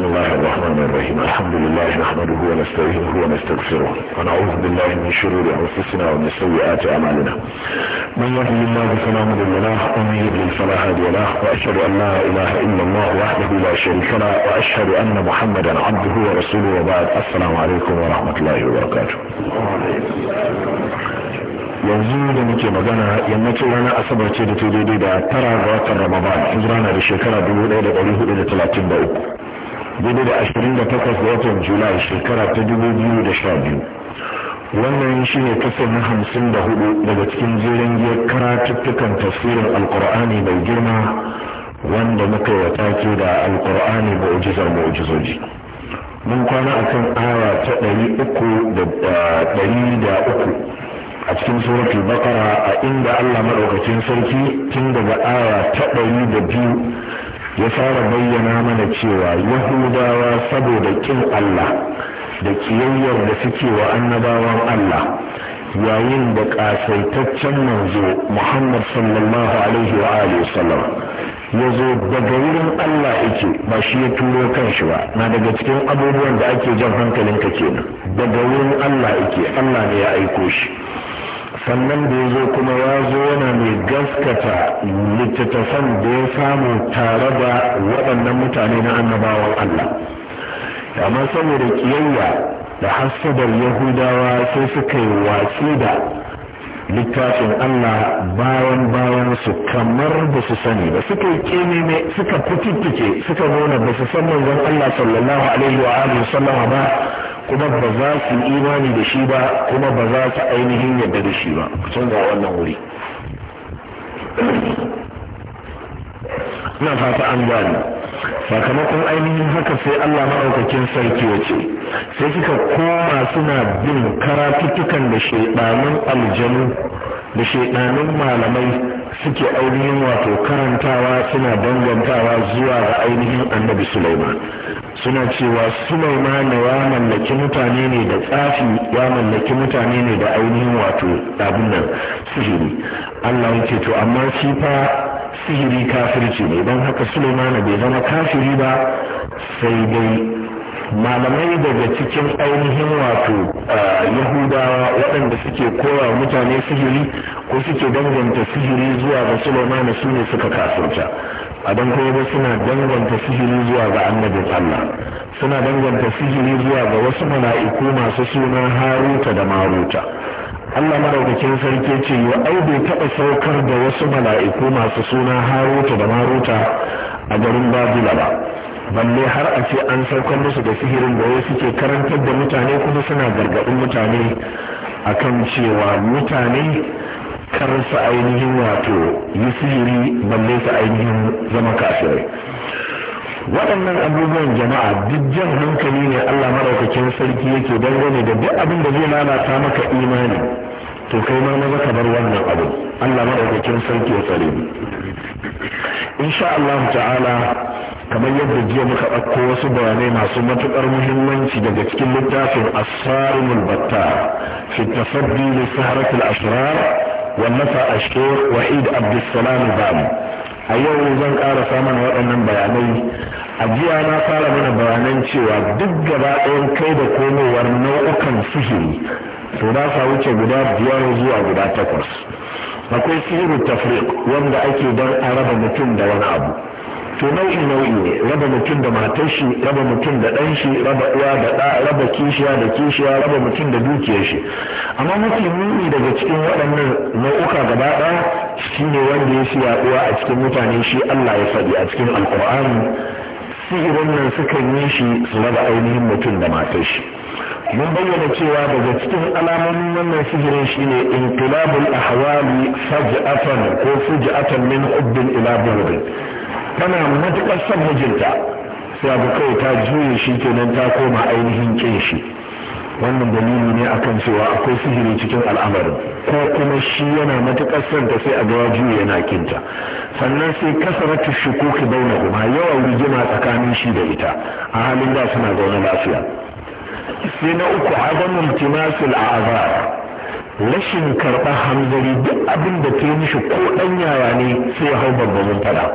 بسم الله الرحمن الرحيم الحمد لله نحمده ونستعينه ونستغفره ونعوذ بالله من شرور انفسنا ومن سيئات اعمالنا من يهد الله فلا مضل له ومن يضلل فلا هادي له واشهد ان لا اله الا الله وحده لا شريك له واشهد ان محمدا عبده ورسوله وبعد السلام عليكم ورحمه الله وبركاته yanzu da muke magana yammacin ranar asabar ce da ta daidai da tara ga watan ramadan hijira na da shekara 1433 daidai da ashirin watan julai shekara ta dubu biyu da sha biyu wannan shi ne kasar na hamsin da hudu daga cikin jerin giyar karatuttukan tafsirin alkur'ani mai girma wanda muka yi take da alkur'ani mu'jizar mu'jizoji mun kwana a kan awa ta ɗari uku da ɗari da uku a cikin suratul bakara a inda allah maɗaukacin sarki tun daga awa ta ɗari da biyu ya fara bayyana mana cewa yahudawa saboda kin Allah da kiyayyar da suke wa annabawan Allah yayin da kasaitaccen manzo Muhammad sallallahu alaihi wa sallam ya zo daga wurin Allah yake ba shi ya turo kanshi ba na daga cikin abubuwan da ake jan hankalinka kenan daga wurin Allah yake Allah ne ya aiko shi sannan da ya zo kuma ya zo yana mai gaskata littattafan da ya samu tare da waɗannan mutane na annabawan Allah amma saboda kiyayya da hasadar yahudawa sai suka yi watsi da littafin Allah bayan bayan su kamar ba su sani ba suka kene ne suka fitittike suka nuna ba su san manzon Allah sallallahu alaihi wa alihi sallama ba kuma ba za su imani da shi ba kuma ba za su ainihin yadda da shi ba canza wannan wuri na fata an gani sakamakon ainihin haka sai Allah maɗaukakin sarki ya ce sai kika koma suna bin karatuttukan da shaidanun aljanu da shekanun malamai suke ainihin wato karantawa suna dangantawa zuwa ga ainihin annabi Sulaiman suna cewa Sulaiman ya mallaki mutane ne da tsafi ya mallaki mutane ne da ainihin wato abin nan sihiri Allah yake to amma shi fa sihiri kafirci ne don haka Sulaiman bai zama kafiri ba sai dai malamai daga cikin ainihin wato yahudawa waɗanda suke koya mutane sihiri ko suke danganta sihiri zuwa ga sulaimana su ne suka kasance a don kuma suna danganta sihiri zuwa ga annabin allah suna danganta sihiri zuwa ga wasu mala'iku masu sunan haruta da maruta Allah maraukakin sarki ce wa ai bai taɓa saukar da wasu mala'iku masu suna haruta da maruta a garin babila ba balle har a ce an saukar musu da sihirin da wasu suke karantar da mutane kuma suna gargaɗin mutane akan cewa mutane kar su ainihin wato yi sihiri balle su ainihin zama kafirai waɗannan abubuwan jama'a duk jan hankali ne allah maraukakin sarki yake dangane da duk abin da zai lalata maka imani to kai ma maza ka bar wannan abu Allah madaukakin sarki ya tsare mu insha Allah ta'ala kamar yadda jiya muka ɗauko wasu bayanai masu matuƙar muhimmanci daga cikin littafin asarimul batta fi tafaddi li saharatul ashrar wallafa ashur wahid abdussalam bani a yau zan ƙara samun waɗannan bayanai a jiya na fara mana bayanan cewa duk gaba ɗayan kai da komowar nau'ukan sihiri to ba sa wuce guda biyar zuwa guda takwas akwai sihiru tafriq wanda ake dan a raba mutum da wani abu to nau'i nau'i ne raba mutum da matar shi raba mutum da ɗan shi raba uwa da ɗa raba kishiya da kishiya raba mutum da dukiyar shi amma mafi muni daga cikin waɗannan nau'uka gaba ɗaya shine wanda ya siya yaɗuwa a cikin mutane shi Allah ya faɗi a cikin alƙur'ani idan nan sukan yi shi su raba ainihin mutum da matar shi mun bayyana cewa daga cikin alamomin wannan sihirin shine inqilabul ahwali faj'atan ko faj'atan min hubbin ila bughd tana matukar son mijinta sai ka ta juye shi kenan ta koma ainihin kin shi wannan dalili ne akan cewa akwai sihiri cikin al'amarin ko kuma shi yana matuƙar santa sai a gawa juya yana kinta sannan sai kasaratu ki bauna kuma yawa rigima tsakanin shi da ita a halin da suna zaune lafiya sai na uku adamul timasul a'azar rashin karɓar hamzari duk abin da ta yi mishi ko ɗan yaya ne sai hau babban fada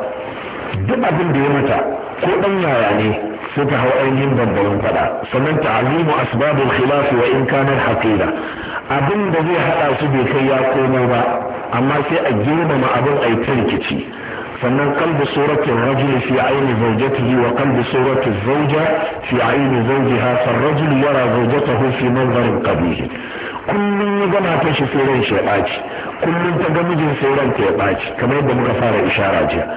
duk abin da ya mata ko dan yaya ne sai ta hau ainihin bambamin fada sannan ta'alimu asbabul khilaf wa in kanar haqira abin da zai hada su bai kai ya komo ba amma sai a girmama abin a yi rikici فمن قلب صورة الرجل في عين زوجته وقلب صورة الزوجة في عين زوجها فالرجل يرى زوجته في منظر قبيح كل يجمع في سيرين شيئات كل تجمج سيرين تيبات كما يبدو مغفارة إشارة جا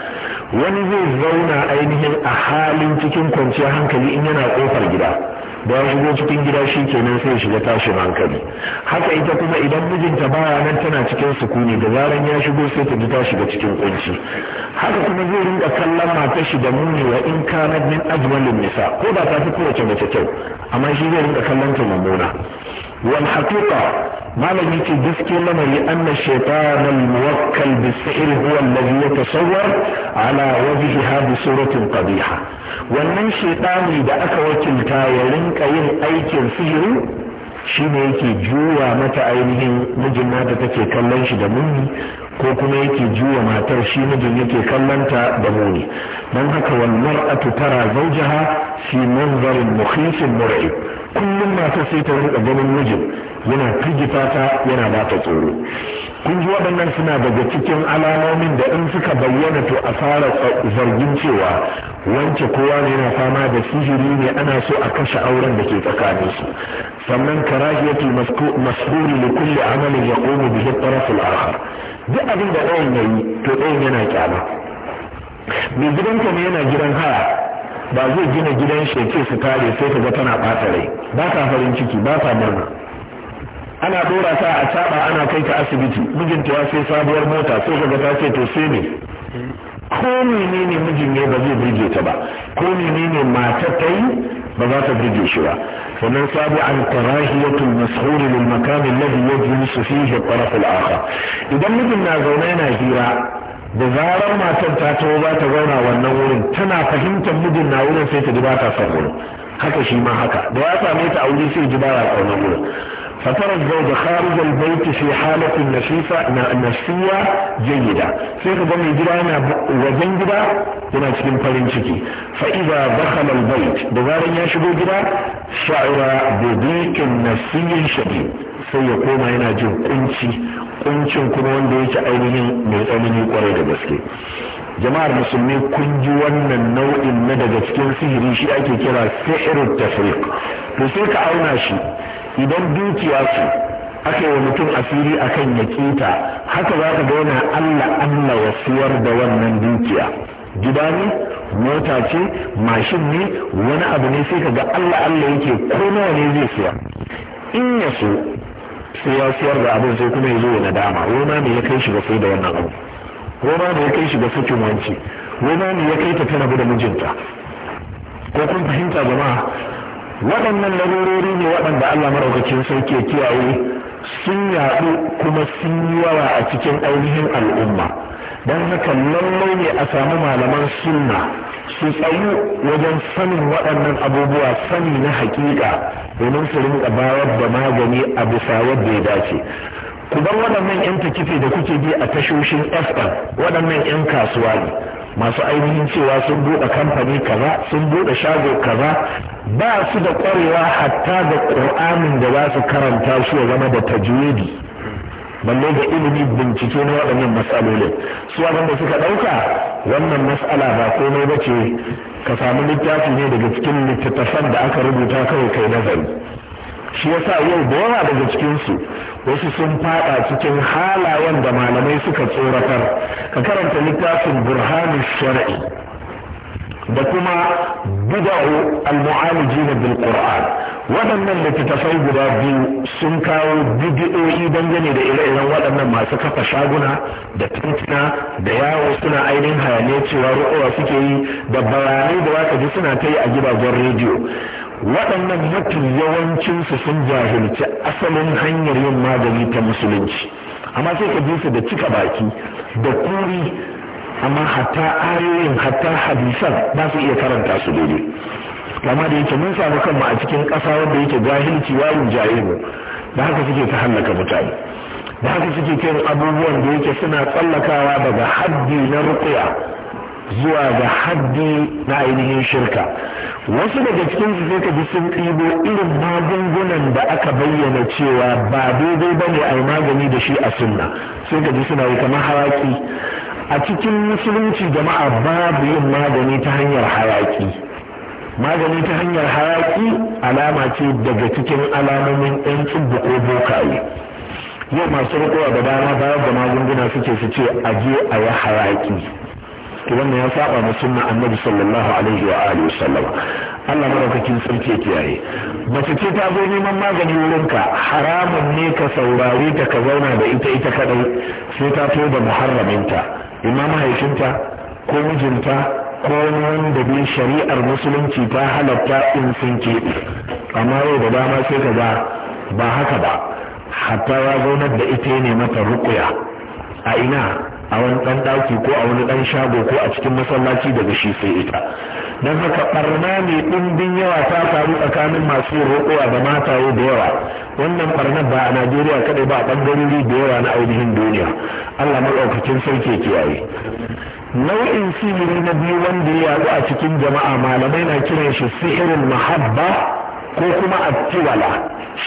ونزي الزونا أينهم أحال تكون كنتي هنك لإننا أوفر جدا da ya shigo cikin gida shi kenan sai shiga tashin hankali haka ita kuma idan mijinta baya nan tana cikin sukuni da zaran ya shigo sai ta ji ta shiga cikin kunci haka kuma zai rinka kallon matar shi da muni wa in kanat min ajmalin nisa ko da ta fi kowace mace kyau amma shi zai rinka kallon ta mummuna wal haqiqa malam ce gaske lamari anna shaytan al-muwakkal bi sihr huwa alladhi yatasawwar ala wajhiha bi suratin qabiha wannan shaytani da aka wakilta ya rinka yin aikin sihiri shine yake juwa mata ainihin mijin da take kallon shi da muni ko kuma yake juwa matar shi mijin yake kallon ta da muni don haka wal a tara zawjaha fi manzarin muhimmin mur'ib kullum matar sai ta rinka ganin mijin yana firgita ta yana ba ta tsoro kun ji waɗannan suna daga cikin alamomin da in suka bayyana to a fara uh, zargin cewa wance kowa ne yana fama da sihiri ne ana so a kashe auren da ke tsakanin su sannan karahiyatu masburi da kulli amalin ya komo bihi taraf al-akhar duk abin da ɗayan yayi to ɗayan yana kyama mai gidanka ne yana gidan haya ba zai gina gidan sheke su kare sai ka ga tana ɓata rai ba ta farin ciki ba ta murna ana dora sa a ana kai ta asibiti mijinta ya sai sabuwar mota sai kaga ta ce to sai ne ko menene mijin ne ba zai burge ta ba ko menene matar ta yi ba za ta burge shi ba sannan sabu an karahiyatul mas'ul lil makan alladhi yajlisu fihi al-taraf al-akhar idan mijin na zaune yana hira da zarar matar ta taho za ta zauna wannan wurin tana fahimtar mijin na wurin sai ta ji ba ta son wurin haka shi ma haka da ya same ta a wuri sai ji baya kauna gurin فترى الزوج خارج البيت في حالة نفيسة نفسية جيدة سيخ دم جرانا وزن جدا هنا تكون فلنشكي فإذا دخل البيت بغار يشبه جدا شعر بضيق نفسي شديد سيقوم هنا جن قنشي قنشي كنون بيت أينه من أمني قريد بسكي jama'ar musulmi kun ji wannan nau'in na daga cikin sihiri shi ake kira sihirin tafriq to sai ka auna shi idan dukiya su aka yi wa mutum asiri akan ya kita haka za ka ga yana allah allah wasuwar da wannan dukiya gida ne mota ce mashin ne wani abu ne sai ka ga allah allah yake ko nawa ne zai siya in ya so sai ya siyar da abin sai kuma ya zo ya nadama wani ma me ya kai shi ga sai da wannan abu wai da ya kai shi ga sakin wanci wai ne ya kai ta tana bude da mijinta ko kun fahimta jama'a waɗannan larurori ne waɗanda Allah maraukakin sauke kiyaye sun yaɗu kuma sun yi yawa a cikin ainihin al'umma don haka lallai ne a samu malaman sunna su tsayu wajen sanin waɗannan abubuwa sani na hakika domin su rinka bayar da magani a bisa yadda ya dace ku bar waɗannan 'yan takife da kuke bi a tashoshin fm waɗannan 'yan kasuwa ne masu ainihin cewa sun buɗe kamfani kaza sun buɗe shago kaza ba su da ƙwarewa hatta da ƙur'anin da za su karanta su ya zama da tajwidi balle ga ilimi bincike na waɗannan matsalolin su da suka ɗauka wannan matsala ba komai ba ce ka samu littafi ne daga cikin littattafan da aka rubuta kawai kai nazari shi yasa yau da yawa daga cikinsu wasu sun fada cikin halayen da malamai suka tsoratar ka karanta littafin burhanu shar'i da kuma bid'u al-mu'alijin bil qur'an waɗannan littattafai guda biyu sun kawo bidiyoyi dangane da ire-iren waɗannan masu kafa shaguna da tituna da yawo suna ainihin hayane cewa ru'uwa suke yi da bayanai da waka ji suna ta yi a gidajen rediyo waɗannan mafi yawancinsu sun jahilci asalin hanyar yin magani ta musulunci amma sai ka su da cika baki da kuri amma hatta ayoyin hatta hadisan ba su iya karanta su dole. amma da yake mun samu kanmu a cikin ƙasa wanda yake jahilci wayin jahilu da haka suke ta hallaka mutane da haka suke kai abubuwan da yake suna tsallakawa daga haddi na rukuya zuwa ga haddi na ainihin shirka wasu daga cikin su sai ka ji sun ɗibo irin magungunan da aka bayyana cewa ba daidai ba ne a yi magani da shi a sunna sai ka ji suna yi kamar haraki a cikin musulunci jama'a babu yin magani ta hanyar hayaki magani ta hanyar hayaki alama ce daga cikin alamomin 'yan tsibbi ko bokaye yau masu rikowa da dama bayar da magunguna suke su ce a je a yi hayaki to wannan ya saba ma sunna annabi sallallahu alaihi wa alihi wasallam Allah madaukakin sarki kiyaye mace ce ta zo neman magani wurinka haramun ne ka saurare ta ka zauna da ita ita kadai sai ta to da muharraminta imma mahaifinta ko mijinta ko wanda bin shari'ar musulunci ta halatta in sun keɓe amma yau da dama sai ka ga ba haka ba hatta ya zaunar da ita ne mata rukuya a ina a wani ɗan ɗaki ko a wani ɗan shago ko a cikin masallaci daga shi sai ita don haka ɓarna mai ɗumbin yawa ta faru tsakanin masu a da mataye da yawa wannan barna ba a najeriya kaɗai ba a ɓangarori da yawa na ainihin duniya allah maɗaukakin sarki kiyaye nau'in sihiri na biyu wanda ya yaɗu a cikin jama'a malamai na kiran shi sihirin mahabba ko kuma attiwala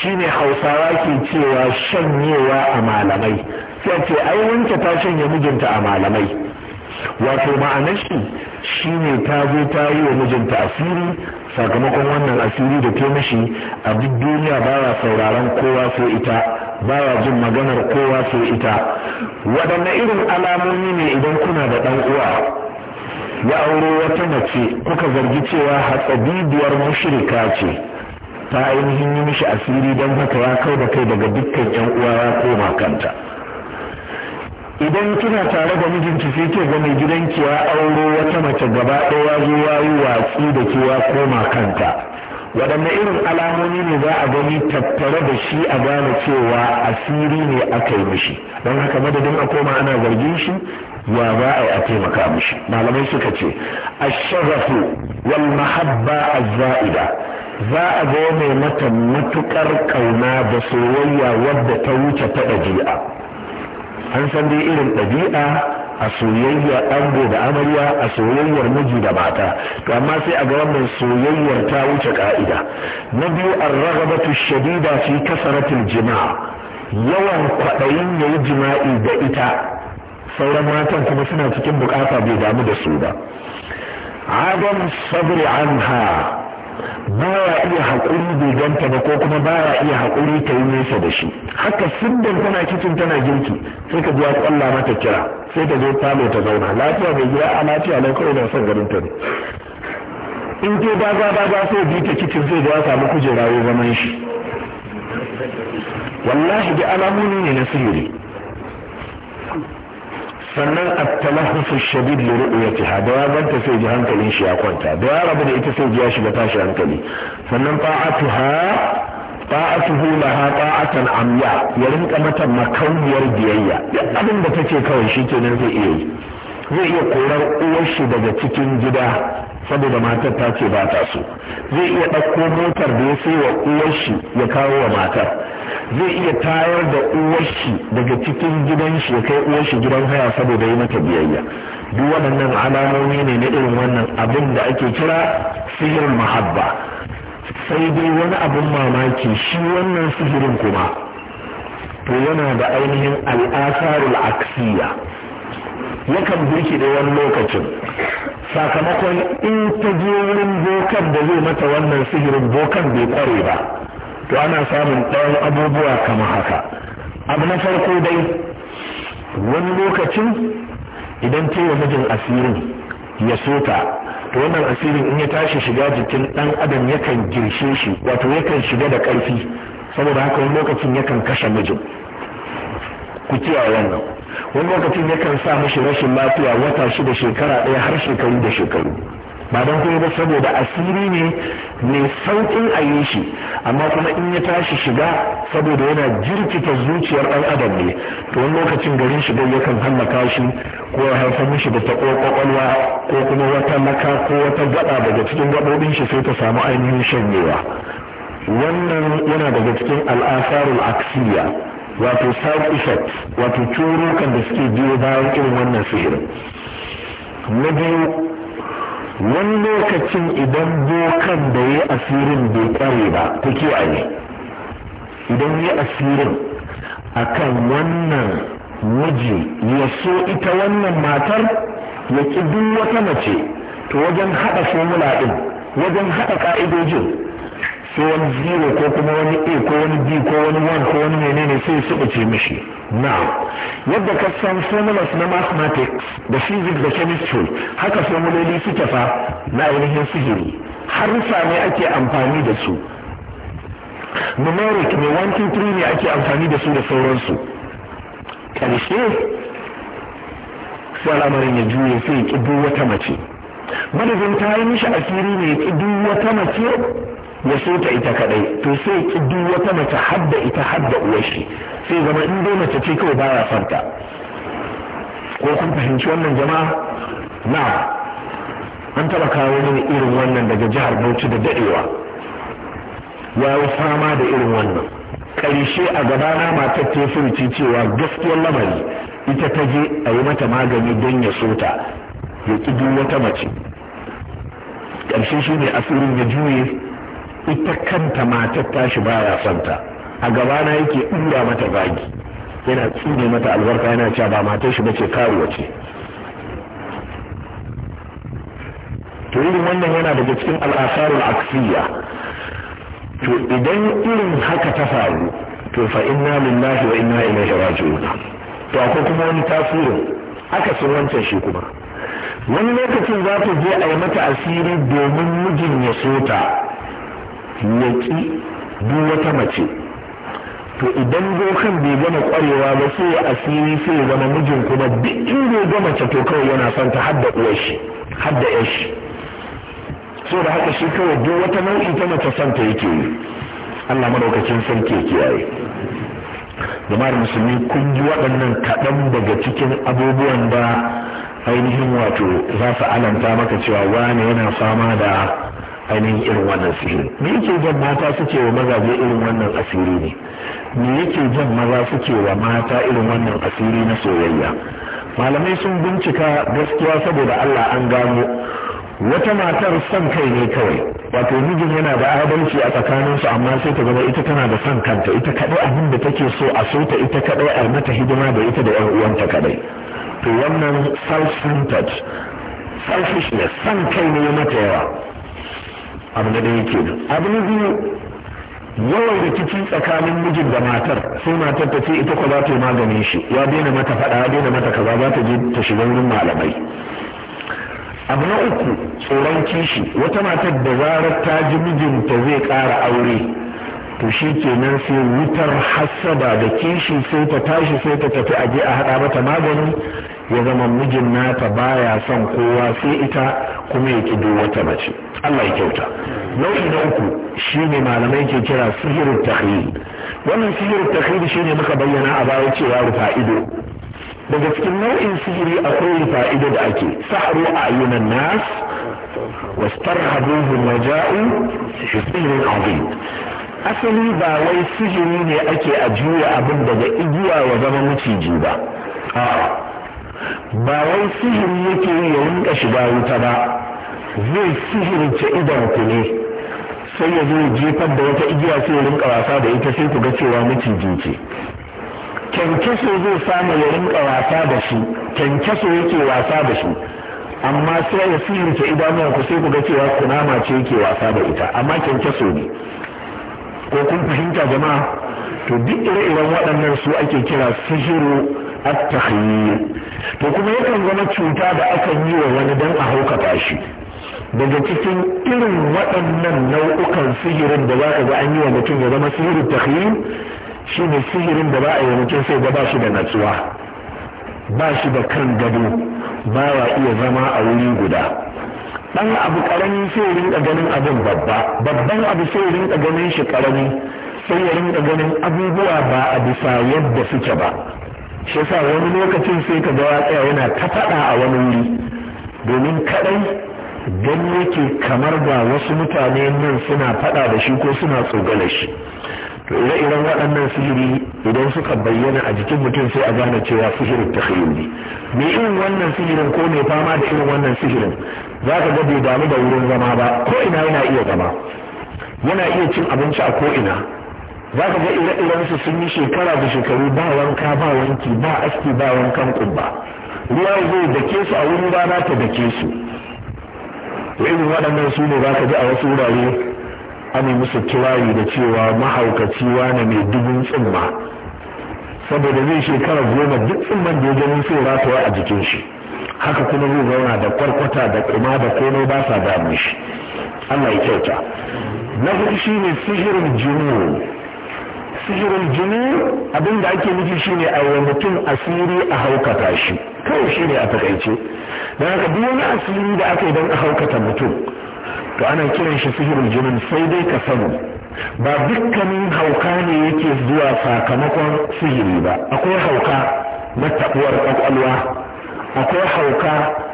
shine hausawa ke cewa shanyewa a malamai sai ce ai wanke ta shanye mijinta a malamai wato ma'anar shi shine ta zo ta yi wa mijinta asiri sakamakon wannan asiri da ke mishi a duk duniya baya sauraron kowa sai ita baya jin maganar kowa sai ita waɗanne irin alamomi ne idan kuna da ɗan uwa ya aure wata mace kuka zargi cewa hatsabibiyar mushrika ce ta ainihin yi mishi asiri don haka ya kau da kai daga dukkan yan uwa ko koma kanta idan kina tare da mijinki sai ke ga mai gidanki ya auro wata mace gaba ɗaya zo ya yi watsi da ke ya koma kanta waɗanne irin alamomi ne za a gani tattare da shi a gane cewa asiri ne aka yi mishi don haka madadin a koma ana zargin shi ya za a yi a taimaka mishi malamai suka ce ashazafu wal mahabba za'ida. za a mai mata matukar kauna da soyayya wadda ta wuce ta ɗabi'a an san dai irin ɗabi'a a soyayya ango da amarya a soyayyar miji da mata to amma sai a ga wannan soyayyar ta wuce ka'ida na biyu ar-raghabatu shadida fi kasaratil jima'a. yawan kwaɗayin yayi jima'i da ita sauran matan kuma suna cikin bukata bai damu da su ba adam sabri anha baya iya haƙuri bai ganta ba ko kuma baya iya haƙuri ta yi nesa da shi haka sindan tana kicin tana girki sai ka ji ya kwalla mata kira sai ta zo falo ta zauna lafiya bai gida a lafiya nan kawai na son garin ta ne in ke daga daga sai bi ta kicin sai da ya samu kujera ya zaman shi wallahi da alamuni ne na sihiri sannan at-talaffuz ash-shadid li ru'yatiha da ya ganta sai ji hankalin shi ya kwanta da ya rabu da ita sai ji ya shiga tashi hankali sannan ta'atuha ta'atuhu laha ta'atan amya ya rinka mata makauniyar biyayya duk abin da take kawai shikenan zai iya yi zai iya korar uwar shi daga cikin gida saboda matar ta ce ba ta so zai iya ɗauko motar da ya sai wa uwarshi ya kawo wa matar zai iya tayar da uwarshi daga cikin gidan shi ya kai uwarshi gidan haya saboda yi mata biyayya duk waɗannan alamomi ne na irin wannan abin da ake kira sihirin mahabba sai dai wani abin mamaki shi wannan sihirin kuma to yana da ainihin al'asarul aksiya yakan da wani lokacin sakamakon in ta je wurin bokan da zai mata wannan sihirin bokan bai kware ba to ana samun ɗayan abubuwa kamar haka abu na farko dai wani lokacin idan ta wa mijin asirin ya sota to wannan asirin in ya tashi shiga jikin ɗan adam yakan girshe shi wato yakan shiga da ƙarfi saboda haka wani lokacin yakan kashe mijin ku kiyaye wannan wani lokacin yakan sa mashi rashin lafiya wata shida shekara ɗaya har shekaru da shekaru ba don kuma ba saboda asiri ne mai sauƙin a yi shi amma kuma in ya tashi shiga saboda yana jirkita zuciyar ɗan adam ne to wani lokacin garin shigar yakan hallaka shi ko ya haifar mashi da taɓo ƙwaƙwalwa ko kuma wata maka ko wata gaɗa daga cikin gaɓoɓin shi sai ta samu ainihin shanyewa wannan yana daga cikin al'asarul aksiya wato side effects wato curukan da suke biyo bayan irin wannan sihirin na biyu wani lokacin idan bokan da ya asirin bai kware ba ta ne idan ya asirin kan wannan miji ya so ita wannan matar ya ki duk wata mace to wajen haɗa formula ɗin wajen haɗa ƙa'idojin sai wani zero ko kuma wani a ko wani b ko wani one ko wani menene sai su ce mishi Na yadda ka san formulas na mathematics da physics da chemistry haka formuloli suke fa na ainihin sihiri harfa ne ake amfani da su numeric ne 1 2 3 ne ake amfani da su da sauransu karshe sai al'amarin ya juye sai ya ƙi duk wata mace madadin ta yi mishi asiri ne ya ƙi duk wata mace ya so ita kadai to sai ki duk wata mace hadda ita hadda uwar shi sai zama in dai mace ce kawai baya farka ko kun fahimci wannan jama'a na an taba kawo mini irin wannan daga jihar Bauchi da dadewa ya yi fama da irin wannan karshe a gabana matar ta furuci cewa gaskiyar lamari ita ta je a yi mata magani don ya so ya ki duk wata mace karshe shi ne asirin ya juye ita kanta matar tashi baya son ta a gabana yake ɗura mata zagi yana tsine mata albarka yana cewa ba matar shi bace kawo ce to irin wannan yana daga cikin al'asarul aksiya to idan irin haka ta faru to fa inna lillahi wa inna ilaihi raji'un to akwai kuma wani tasirin aka sun wancan shi kuma wani lokacin za ta je a yi mata asiri domin mijin ya so ta Yaki ƙi duk wata mace to idan dokan bai gama kwarewa ba sai ya asiri sai ya zama mijin kuma duk bai gama ta to kawai yana son ta hadda uwar shi hadda yar shi so da haka shi kawai duk wata nau'i ta mace son ta yake yi Allah madaukakin sarki ya kiyaye jama'ar musulmi kun ji waɗannan kaɗan daga cikin abubuwan da ainihin wato za su alanta maka cewa wane yana fama da ainihin irin wannan sihiri me yake jan mata suke wa mazaje irin wannan asiri ne me yake jan maza suke wa mata irin wannan asiri na soyayya malamai sun bincika gaskiya saboda Allah an gano wata matar son kai ne kawai wato mijin yana da adalci a tsakaninsu amma sai ta gama ita tana da son kanta ita kadai abin da take so a so ta ita kadai a mata hidima da ita da yan uwanta kadai to wannan self-centered selfishness son kai ne mata yawa abu na ɗaya kenan abu na biyu yawan rikici tsakanin mijin da matar sai matar ta ce ita ko za ta yi maganin shi ya daina mata faɗa ya daina mata kaza za ta je ta shiga wurin malamai abu na uku tsoron kishi wata matar da zarar ta ji mijinta zai ƙara aure to shi kenan sai wutar hassada da kishi sai ta tashi sai ta tafi je a haɗa mata magani ya zama mijin nata baya son kowa sai ita kuma ya kido wata mace Allah ya kyauta nau'i na uku shine malamai ke kira sihirin takhil wannan sihirin takhil shine muka bayyana a baya cewa rufa ido daga cikin nau'in sihiri akwai rufa ido da ake saru ayunan nas wastarhabuhum waja'u sihirin azim asali ba wai sihiri ne ake a juya abin daga igiya ya zama maciji ba a'a ba wai sihiri yake ya rinka shiga wuta ba zai sihirce idan ku ne sai ya zo jefar da wata igiya sai ya rinka wasa da ita sai ku ga cewa maciji ce kyankyaso zai samu ya rinka wasa da shi kyankyaso yake wasa da shi amma sai ya sirrinta idanuwan ku sai ku ga cewa kunama ce yake wasa da ita amma kyankyaso ne ko kun fahimta jama'a to duk ire-iren waɗannan su ake kira sihiru at to kuma yakan zama cuta da aka yi wa wani dan a haukata shi daga cikin irin waɗannan nau'ukan sihirin da za ka ga an yi wa mutum ya zama sihirin takhir shi ne sihirin da ba a yi mutum sai da ba shi da natsuwa ba shi da kan gado ba ya iya zama a wuri guda ɗan abu ƙarami sai rinka ganin abin babba babban abu sai rinka ganin shi ƙarami sai ya rinka ganin abubuwa ba a bisa yadda suke ba shi sa wani lokacin sai ka ga tsaya yana ta faɗa a wani wuri domin kaɗai gani yake kamar ba wasu mutane nan suna faɗa da shi ko suna tsogala shi to ire-iren waɗannan sihiri idan suka bayyana a jikin mutum sai a gane cewa sihirin ta ne me irin wannan sihirin ko mai fama da irin wannan sihirin za ka ga bai damu da wurin zama ba ko ina yana iya zama yana iya cin abinci a ko ina za ka ga ire-iren su sun yi shekara da shekaru ba wanka ba wanki ba aski ba wankan kubba ruwa zai dake su a wurin rana ta dake su irin waɗannan su ne za ka ji a wasu wurare yi musu kirari da cewa mahaukaci wane mai dubin tsumma saboda zai shekara goma duk tsumman da ya gani sai ratawa a jikin shi haka kuma zai zauna da kwarkwata da kuma da komai ba sa damun shi Allah ya kyauta na hudu ne sihirin junu sihirin jini abin da ake nufi shine a wa mutum asiri a haukata shi kawai shi ne a takaice don haka duk wani asiri da aka yi don a haukata mutum to ana kiran shi sihirin jinin sai dai ka sani ba dukkanin hauka ne yake zuwa sakamakon sihiri ba akwai hauka na tabuwar kwakwalwa akwai hauka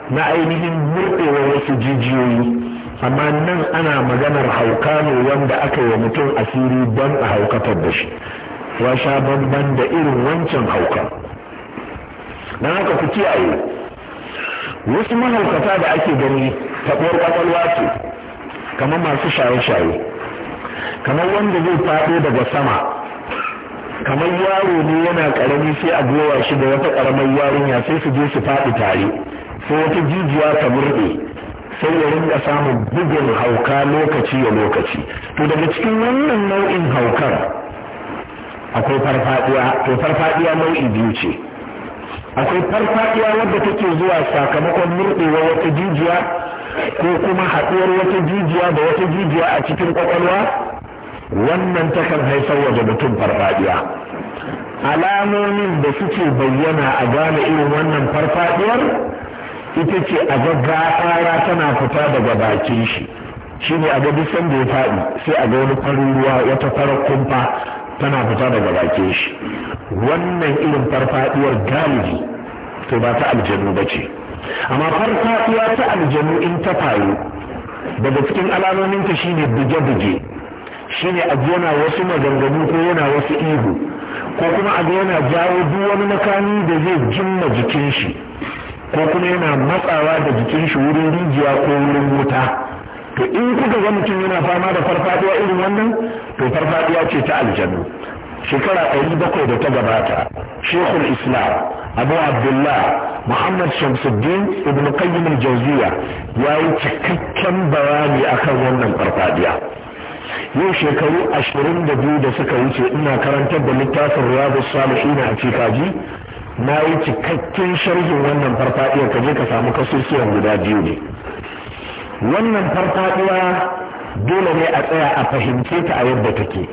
na ainihin murɗewar wasu jijiyoyi amma nan ana maganar hauka ne wanda aka yi mutum asiri don a haukatar da shi ya sha banban da irin wancan hauka don haka ku kiyaye wasu mahaukata da ake gani taɓar ƙwaƙwalwa ce kamar masu shaye-shaye kamar wanda zai faɗo daga sama kamar yaro ne yana ƙarami sai a gowa shi da wata ƙaramar yarinya sai su je su faɗi tare sai wata jijiya ta murɗe sai ya rinka samun bugun hauka lokaci ya lokaci to daga cikin wannan nau'in haukar akwai farfadiya to farfadiya nau'i biyu ce akwai farfadiya wadda take zuwa sakamakon murɗewa wata jijiya ko kuma haɗuwar wata jijiya da wata jijiya a cikin kwakwalwa wannan takan haifar wa mutum farfadiya alamomin da suke bayyana a gane irin wannan farfadiyar ita ce a ga gafara tana fita daga bakin shi shi ne a ga duk da ya faɗi sai a ga wani farin ruwa wata farar kumfa tana fita daga bakin shi wannan irin farfaɗuwar galibi to ba ta aljanu ba ce amma farfaɗuwa ta aljanu in ta faru daga cikin alamominta ne buge-buge shine a yana wasu maganganu ko yana wasu ihu ko kuma a yana jawo duk wani makami da zai jimma jikin shi ko kuma yana matsawa da jikin shi wurin rijiya ko wurin wuta to in kuka ga mutum yana fama da farfadiya irin wannan to farfadiya ce ta aljanu shekara ɗari bakwai da ta gabata shekul islam abu abdullah muhammad shamsuddin ibn qayyim al-jawziya ya yi cikakken bayani akan wannan farfadiya yau shekaru ashirin da biyu da suka wuce ina karantar da littafin riyadu salihina a cikaji na yi cikakken sharhin wannan farfadiyar ka je ka samu kasusuwan guda biyu ne wannan farfadiya dole ne a tsaya a fahimce ta a yadda take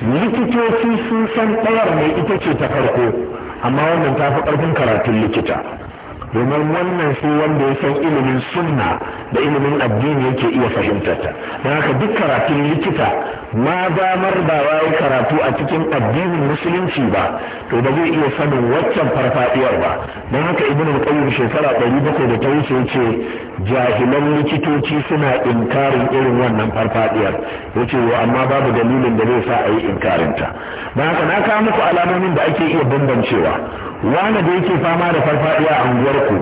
likitoci sun san ɗayar mai ita ce ta farko amma wannan ta fi ƙarfin karatun likita domin wannan shi wanda ya san ilimin sunna da ilimin addini yake iya fahimtar ta don haka duk karatun likita ma damar ba wai karatu a cikin addinin musulunci ba to ba zai iya sanin waccan farfadiyar ba don haka ibn al-qayyim shekara 700 da ta wuce yace jahilan likitoci suna inkarin irin wannan farfadiyar yace wa amma babu dalilin da zai sa a yi inkarin ta don haka na kawo muku alamomin da ake iya bambancewa wanda da yake fama da farfadiya a unguwarku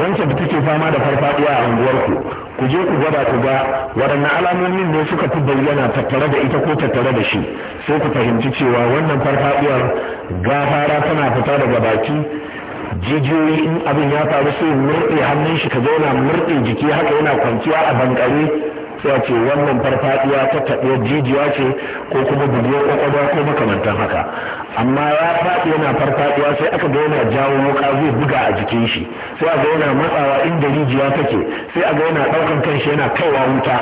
wancan da take fama da farfadiya a unguwarku ku je ku gwada ku ga waɗanne alamomin ne suka fi bayyana tattare da ita ko tattare da shi sai ku fahimci cewa wannan farfadiyar gafara tana fita daga baki jijiyoyi in abin ya faru sai murɗe hannun shi ka zauna murɗe jiki haka yana kwanciya a bankare ya ce wannan farfadiya ta taɓo jijiya ce ko kuma bugiyar kwakwalwa ko makamantan haka amma ya faɗi yana farfadiya sai aka ga yana jawo wuka zai buga a jikin shi sai a ga yana matsawa inda rijiya take sai a yana ɗaukan kanshi yana kaiwa wuta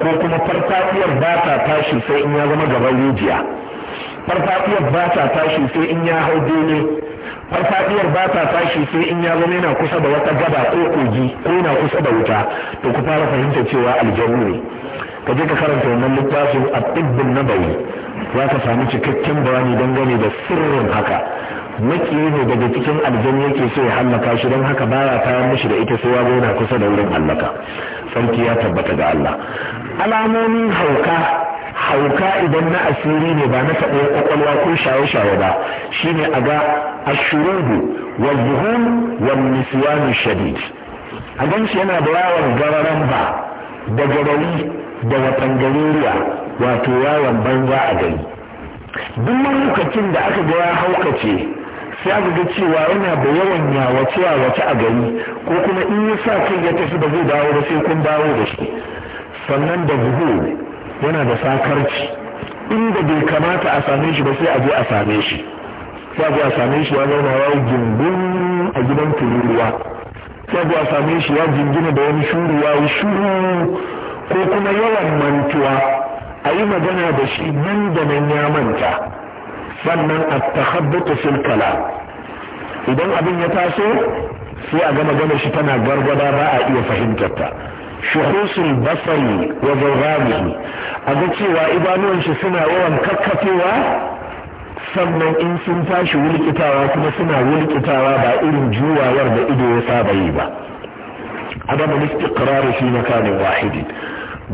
ko kuma farfadiyar ba ta tashi sai in ya zama gaban rijiya farfadiyar ba ta tashi sai in ya hau dole farfadiyar ba ta tashi sai in ya zama yana kusa da wata gaba ko kogi ko yana kusa da wuta to ku fara fahimta cewa aljanu ne ka je ka karanta wannan littafin a tibbin nabawi za ka samu cikakken bayani dangane da sirrin haka makiyi ne daga cikin aljanu yake so ya hallaka shi don haka baya kayan mishi da ita sai ya yana kusa da wurin hallaka sarki ya tabbata ga Allah alamomin hauka hauka idan na asiri ne ba na yin ƙwaƙwalwa ko shaye-shaye ba shine a ga ashurubu wa zuhun wa nisiyanu shadid a gan shi yana da yawon gararan ba da garari da watan wato yawon banza a gari duk lokacin da aka ga ya haukace sai aka ga cewa yana da yawan yawace yawace a gari ko kuma in ya sa kai ya tafi ba zai dawo ba sai kun dawo da shi sannan da buhu yana da sakarci inda bai kamata a same shi ba sai a je a same shi sai a je a same shi ya zauna ya yi a gidan tururuwa sai a same shi ya jingina da wani shuru ya yi shuru ko kuma yawan mantuwa a yi magana da shi nan da nan ya manta sannan a tahabbata fil kala idan abin ya taso sai a gama-gama shi tana gargadar ra'a iya fahimtar ta shuhusun basari wa zawghanihi a ga cewa idanuwan shi suna yawan kakkafewa sannan in sun tashi wulkitawa kuma suna wulkitawa ba irin juwawar da ido ya saba yi ba adam istiqrar fi makanin wahidin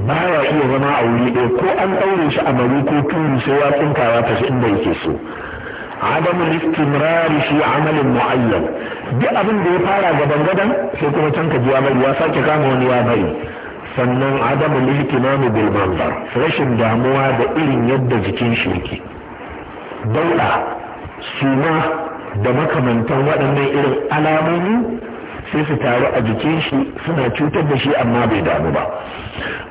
ba ya iya zama a wuri ɗaya ko an ɗaure shi a mari ko turu sai ya tsinkawa ta shi inda yake so adam istimrari fi amalin muayyan duk abin da ya fara gaban gadan sai kuma can ka ji ya ya sake kama wani ya bari sannan adamu lihtimamu bil manzar rashin damuwa da irin yadda jikin shi yake dauda suna da makamantan waɗannan irin alamomi sai su taru a jikin shi suna cutar da shi amma bai damu ba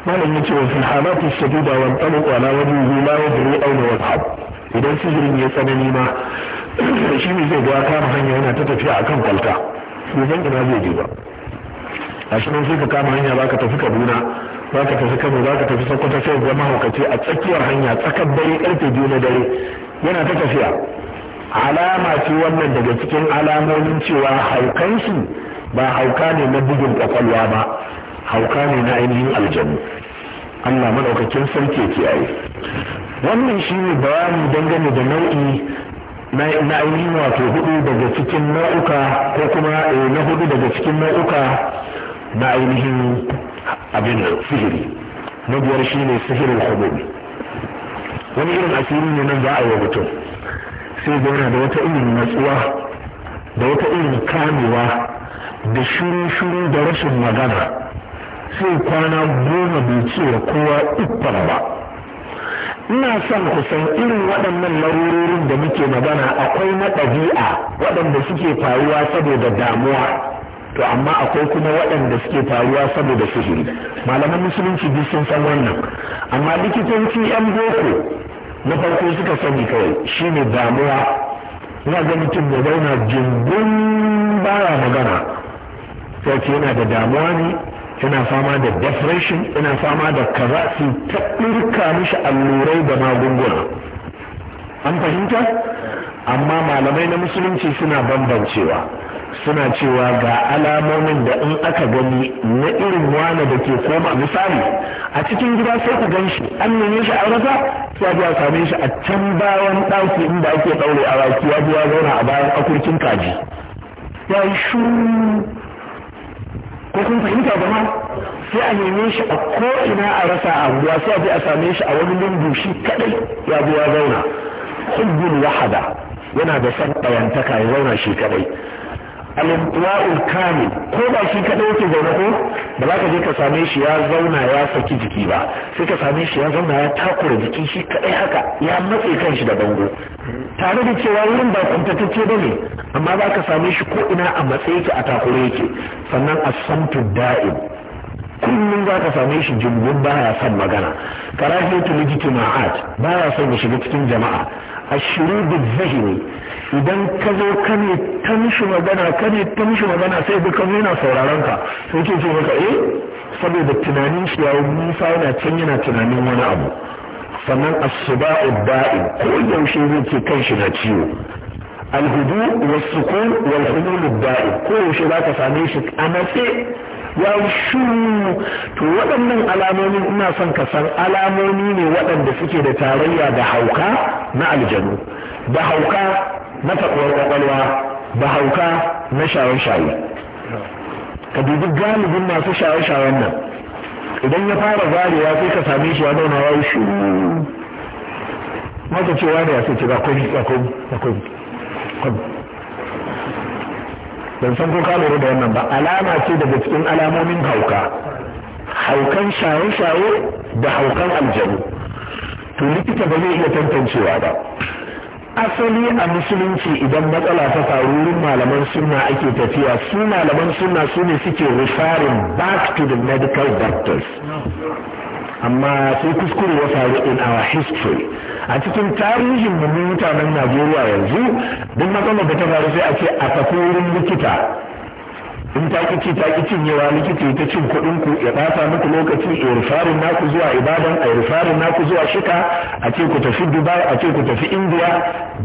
malam yace wa fil halati shadida wa taliq ala wajhihi la yadri aw idan sihirin ya tsanani ma shi ne zai ga kama hanya yana ta tafiya akan kwalta bai zan ina zai je ba a shi sai ka kama hanya za ka tafi kaduna za ka tafi kano za ka tafi sokoto sai ga mahaukaci a tsakiyar hanya tsakar dare karfe biyu na dare yana ta tafiya alama ce wannan daga cikin alamomin cewa haukansu ba hauka ne na bugun kwakwalwa ba hauka ne na ainihin aljanu Allah madaukakin sarki kiyaye wannan shi ne bayani dangane da nau'i na ainihin wato hudu daga cikin nau'uka ko kuma eh, na hudu daga cikin nau'uka na ainihin abin sihiri na biyar shi ne sihirin hudu wani irin asiri ne nan za a yi mutum sai zauna da wata irin matsuwa da wata irin kamewa da shuru-shuru da rashin magana sai kwana goma bai ce kowa ikon ba ina son ku san irin waɗannan larurorin da muke magana akwai na ɗabi'a waɗanda suke faruwa saboda damuwa to amma akwai kuma waɗanda suke faruwa saboda sihiri malaman musulunci duk sun san wannan amma likitanci yan boko na farko suka sani kai shi shine damuwa ina ga mutum ya zauna jingun baya magana sai yana da damuwa ne ina fama da depression ina fama da kaza su ta mishi allurai da magunguna an fahimta amma malamai na musulunci suna bambancewa suna cewa ga alamomin da in aka gani na irin wane da ke koma misali a cikin gida sai ku gan shi an nemi shi a rasa ya a same shi a can bayan ɗaki inda ake ɗaure a waki ya zauna a bayan akurkin kaji ya yi shuru ko kun fahimta ba ma sai a neme shi a ko'ina a rasa a ruwa sai a je a same shi a wani lungu shi kadai ya zo ya zauna hubbul wahada yana da san bayantaka ya zauna shi kadai al-imtiwa'ul kamil ko ba shi kadai yake zaune ko ba za ka je ka same shi ya zauna ya saki jiki ba sai ka same shi ya zauna ya takura jiki shi kadai haka ya matse kanshi da bango tare da cewa wurin ba kuntatacce ba ne amma za ka same shi ko ina a matsayi yake a takure yake sannan a samtu da'in kullum za ka same shi ba ya son magana art ba baya son ya shiga cikin jama'a a da zahiri idan ka zo ka ne ta mishi magana ka ne ta mishi magana sai ka kan yana sauraron ka sai ke ce maka eh saboda tunanin shi ya nisa yana can yana tunanin wani abu sannan as-siba'u da'im ko zai yake kan shi na ciwo al-hudu was-sukun wal-hulul ko yaushe zaka same shi a natse ya shuru to waɗannan alamomi ina son ka san alamomi ne waɗanda suke da tarayya da hauka na aljanu da hauka na taɓuwar ƙwaƙwalwa da hauka na shaye-shaye ka dubi galibin masu shaye-shayen nan idan ya fara zarewa sai ka same shi ya zauna ya yi shuru maka cewa ne ya sai ce ba komi ba komi ba komi ban san ko ka lura da wannan ba alama ce daga cikin alamomin hauka haukan shaye-shaye da haukan aljanu to likita ba zai iya tantancewa ba asali a musulunci idan matsala ta faru wurin malaman sunna ake tafiya su malaman sunna su ne suke referring back to the medical doctors amma sai kuskure ya faru in our history a cikin tarihin mu mutanen Najeriya yanzu duk matsalar da ta faru sai a ce a tafi wurin likita in ta kici ta ki cinyewa likita ta cin kuɗin ku ya ɓata muku lokaci ya rufarin naku zuwa ibadan a rufarin naku zuwa shika a ce ku tafi dubai a ce ku tafi india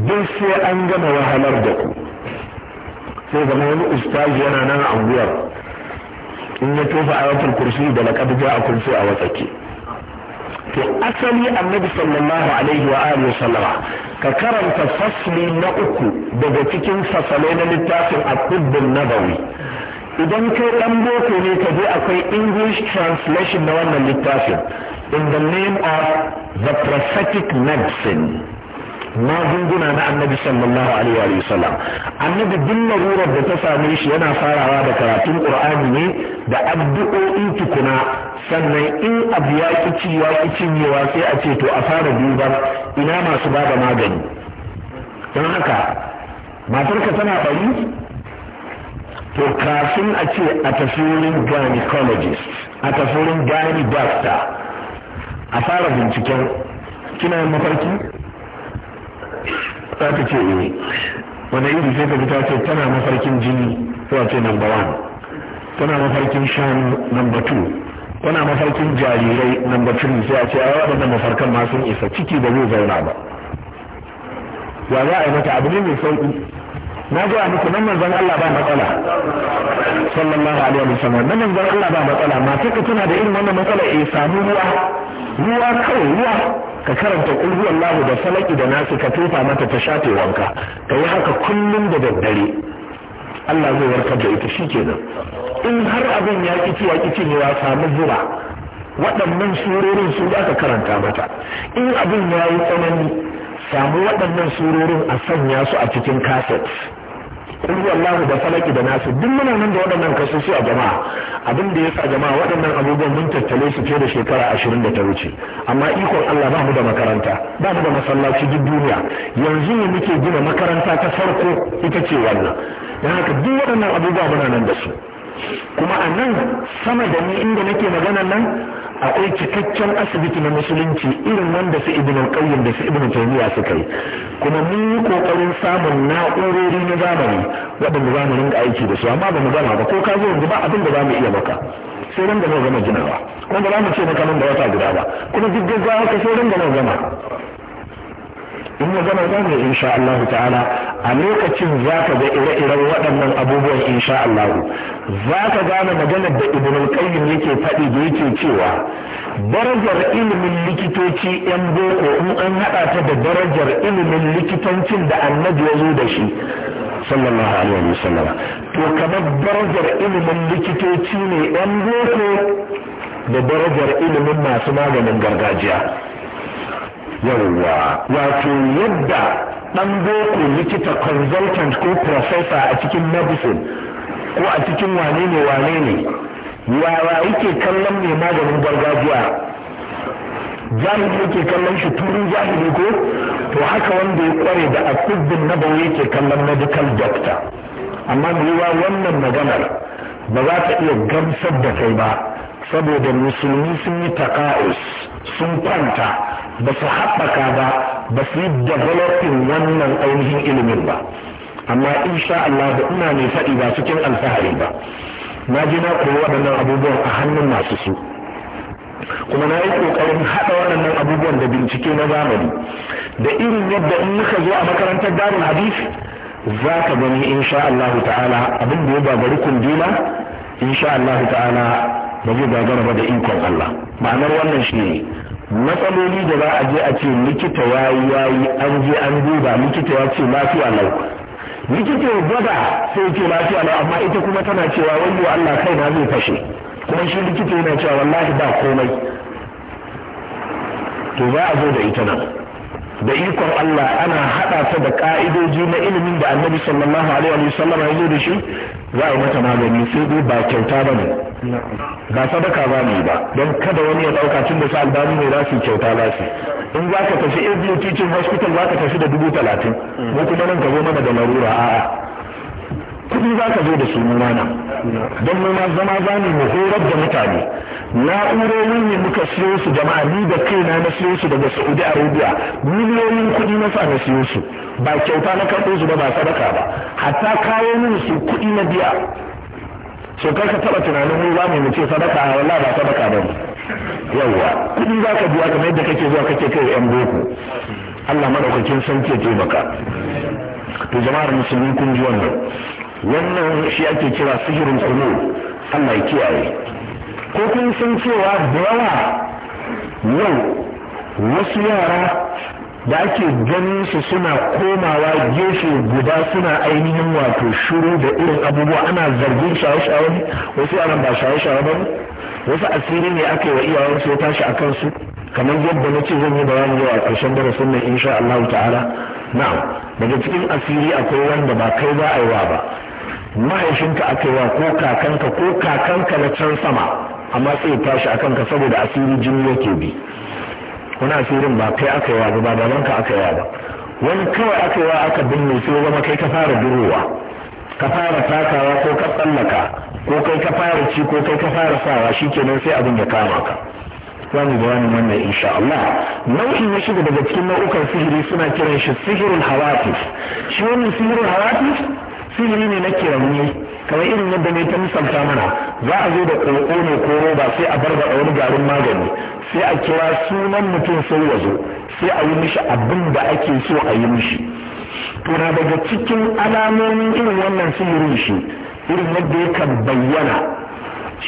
duk sai an gama wahalar da ku sai zama wani ustazi yana nan a unguwar in ya tofa ayatul kursi da a ja'akum a awsaki to asali annabi sallallahu alaihi wa alihi sallama ka karanta fasli na uku daga cikin fasalai na littafin at-tibb nabawi idan kai ɗan boko ne ka je akwai english translation na wannan littafin in the name of the prophetic medicine magunguna na annabi sallallahu alaihi wa sallam annabi duk larurar da ta same shi yana farawa da karatun qur'ani ne da addu'o'i tukuna sannan in abu ya ki ki cinyewa sai a ce to a fara duba, ina masu bada magani don haka matarka tana bari to kafin a ce a tafi wurin gynecologist a tafi wurin gyne doctor a fara binciken kina yin mafarki za ta ce eh wanda iri sai ka ta ce tana mafarkin jini ko a ce number one tana mafarkin shanu number two tana mafarkin jarirai number three sai a ce a waɗannan mafarkan mafarkar masu isa ciki da zai zauna ba ya za a yi mata abu ne mai sauƙi na gaya muku nan manzon Allah ba matsala sallallahu alaihi wa sallam nan manzon Allah ba matsala matar ka tana da irin wannan matsala eh samu ruwa ruwa kawai ruwa ka karanta kulhu huwallahu da falaki da nasu ka tofa mata ta shafe wanka ka yi haka kullum da daddare Allah zai warkar da ita shikenan in har abin ya ki ya ki ya samu zuwa. waɗannan surorin su aka karanta mata in abin ya yi tsanani samu waɗannan surorin a sanya su a cikin kaset kun wallahu da falaki da nasu duk muna nan da waɗannan kasusu a jama'a abin da ya sa jama'a waɗannan abubuwan mun tattale su fiye da shekara ashirin da ta wuce amma ikon Allah ba mu da makaranta ba mu da masallaci duk duniya yanzu ne muke gina makaranta ta farko ita ce wannan don haka duk waɗannan abubuwa muna nan da su kuma a nan sama da ni inda nake magana nan akwai cikakken asibiti na musulunci irin wanda su ibn al da su ibn taymiya suka yi kuma mun yi kokarin samun na'urori na zamani waɗanda za mu rinka aiki da su amma ba mu gama ba ko ka zo yanzu ba abin da za mu iya maka sai ran da mu gama ginawa wanda za mu ce maka nan da wata guda ba kuma duk gaggawa ka sai ran da gama in gama za mu insha Allah ta'ala a lokacin za ka ga ire-iren waɗannan abubuwan insha Allah za ka gane maganar da Ibn al-Qayyim yake faɗi da yake cewa darajar ilimin likitoci yan boko in an haɗa ta da darajar ilimin likitancin da annabi ya zo da shi sallallahu alaihi wasallam to kamar darajar ilimin likitoci ne yan boko da darajar ilimin masu maganin gargajiya yawwa wato yadda dan boko likita consultant ko professor a cikin medicine ko a cikin wane ne wane ne yawa yake kallon mai maganin gargajiya jahili yake kallon shi turin jahili ko to haka wanda ya kware da na nabawi yake kallon medical doctor amma yiwa wannan maganar ba za ta iya gamsar da kai ba saboda musulmi sun yi taka'us sun kwanta ba su haɓaka ba ba su yi developing wannan ainihin ilimin ba amma insha Allah da ina mai faɗi ba cikin alfahari ba na je na koyi waɗannan abubuwan a hannun masu su kuma na yi ƙoƙarin haɗa waɗannan abubuwan da bincike na zamani da irin yadda in muka zo a makarantar darul hadisi za ka gani insha Allah ta'ala abin da ya gagari kundina insha Allah ta'ala ba zai gagara ba da ikon Allah ma'anar wannan shi ne matsaloli da za a je a ce likita ya yi ya yi an je an duba likita ya ce lafiya lau likita ya gwada sai ce lafiya lau amma ita kuma tana cewa wa Allah kai na zai fashe kuma shi likita yana cewa wallahi ba komai to za a zo da ita nan da ikon Allah ana haɗa ta da ƙa'idoji na ilimin da annabi sallallahu alaihi wa sallam ya zo da shi za a yi mata magani sai dai ba kyauta ba ne ba sadaka ba ne ba don kada wani ya ɗauka tun da su albani ne za su kyauta za su in za ka tafi ABU teaching hospital za ka tafi da dubu talatin mu kuma nan ka zo mana da larura a'a kuɗi za ka zo da su noma nan don mu zama za mu horar da mutane na'urorin ne muka siyo su jama'a ni da kaina na siyo su daga saudi arabia miliyoyin kudi na sa na siyo su ba kyauta na karɓo su ba ba sadaka ba hatta kawo mini su kudi na biya so kai ka taɓa tunanin mu za mu mu ce sadaka a wallahi ba sadaka ba ne yawwa kudi za ka biya kamar yadda kake zuwa kake kai yan boko Allah madaukakin sarki ke taimaka to jama'ar musulmi kun ji wannan wannan shi ake kira sihirin kunu Allah ya kiyaye ko kun san cewa da yawa yau wasu yara da ake ganin su suna komawa gefe guda suna ainihin wato shuru da irin abubuwa ana zargin shaye-shaye wasu yaran ba shaye ba wasu asiri ne aka yi wa iyayensu ya tashi a kansu kamar yadda na ce zan yi bayani yau a ƙarshen darasin nan insha Allah ta'ala na daga cikin asiri akwai wanda ba kai za a yi wa ba mahaifinka aka wa ko kakanka ko kakanka na can sama amma sai ya tashi a kanka saboda asiri jini yake bi wani asirin ba kai aka wa ba babanka aka wa ba wani kawai aka aka binne sai zama kai ka fara durowa ka fara takawa ko ka tsallaka ko kai ka fara ci ko kai ka fara sawa kenan sai abin ya kama ka za mu wani wannan insha Allah nau'i na shiga daga cikin nau'ukan sihiri suna kiran shi sihirin hawatif shi wannan sihirin hawatif sihiri ne na kiranni kamar irin yadda ne ta misalta mana za a zo da ƙoƙo ne ko roba sai a a wani garin magani sai a kira sunan mutum sai ya zo sai a yi mishi abin da ake so a yi mishi to daga cikin alamomin irin wannan sihirin shi irin yadda yakan bayyana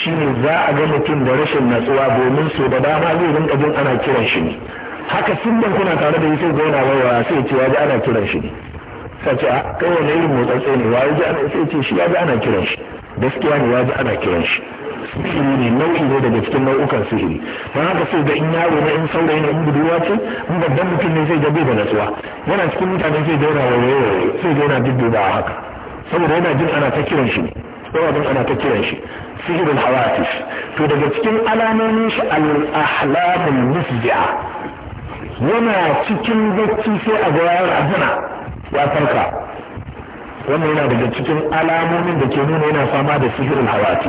shi ne za a ga mutum da rashin natsuwa domin so da dama zai rinka jin ana kiran shi ne haka sun kuna tare da yi sai zauna yana wa sai ce ya ji ana kiran shi ne sace a kai wani irin motsatse ne wa ji ana sai ce shi ya ji ana kiran shi gaskiya ne ya ji ana kiran shi sihiri ne nau'i ne daga cikin nau'ukan sihiri don haka sai ga in yaro ne in saurayi ne in budurwa ce in babban mutum ne sai ga da natsuwa yana cikin mutane sai daina wayoyi sai daina dudduba haka saboda yana jin ana ta kiran shi ne yana jin ana ta kiran shi sihirin hawatif to daga cikin alamomin shi al-ahlamul musbi'a yana cikin bacci sai a ga a azuna ya farka wannan yana daga cikin alamomin da ke nuna yana fama da sihirin hawati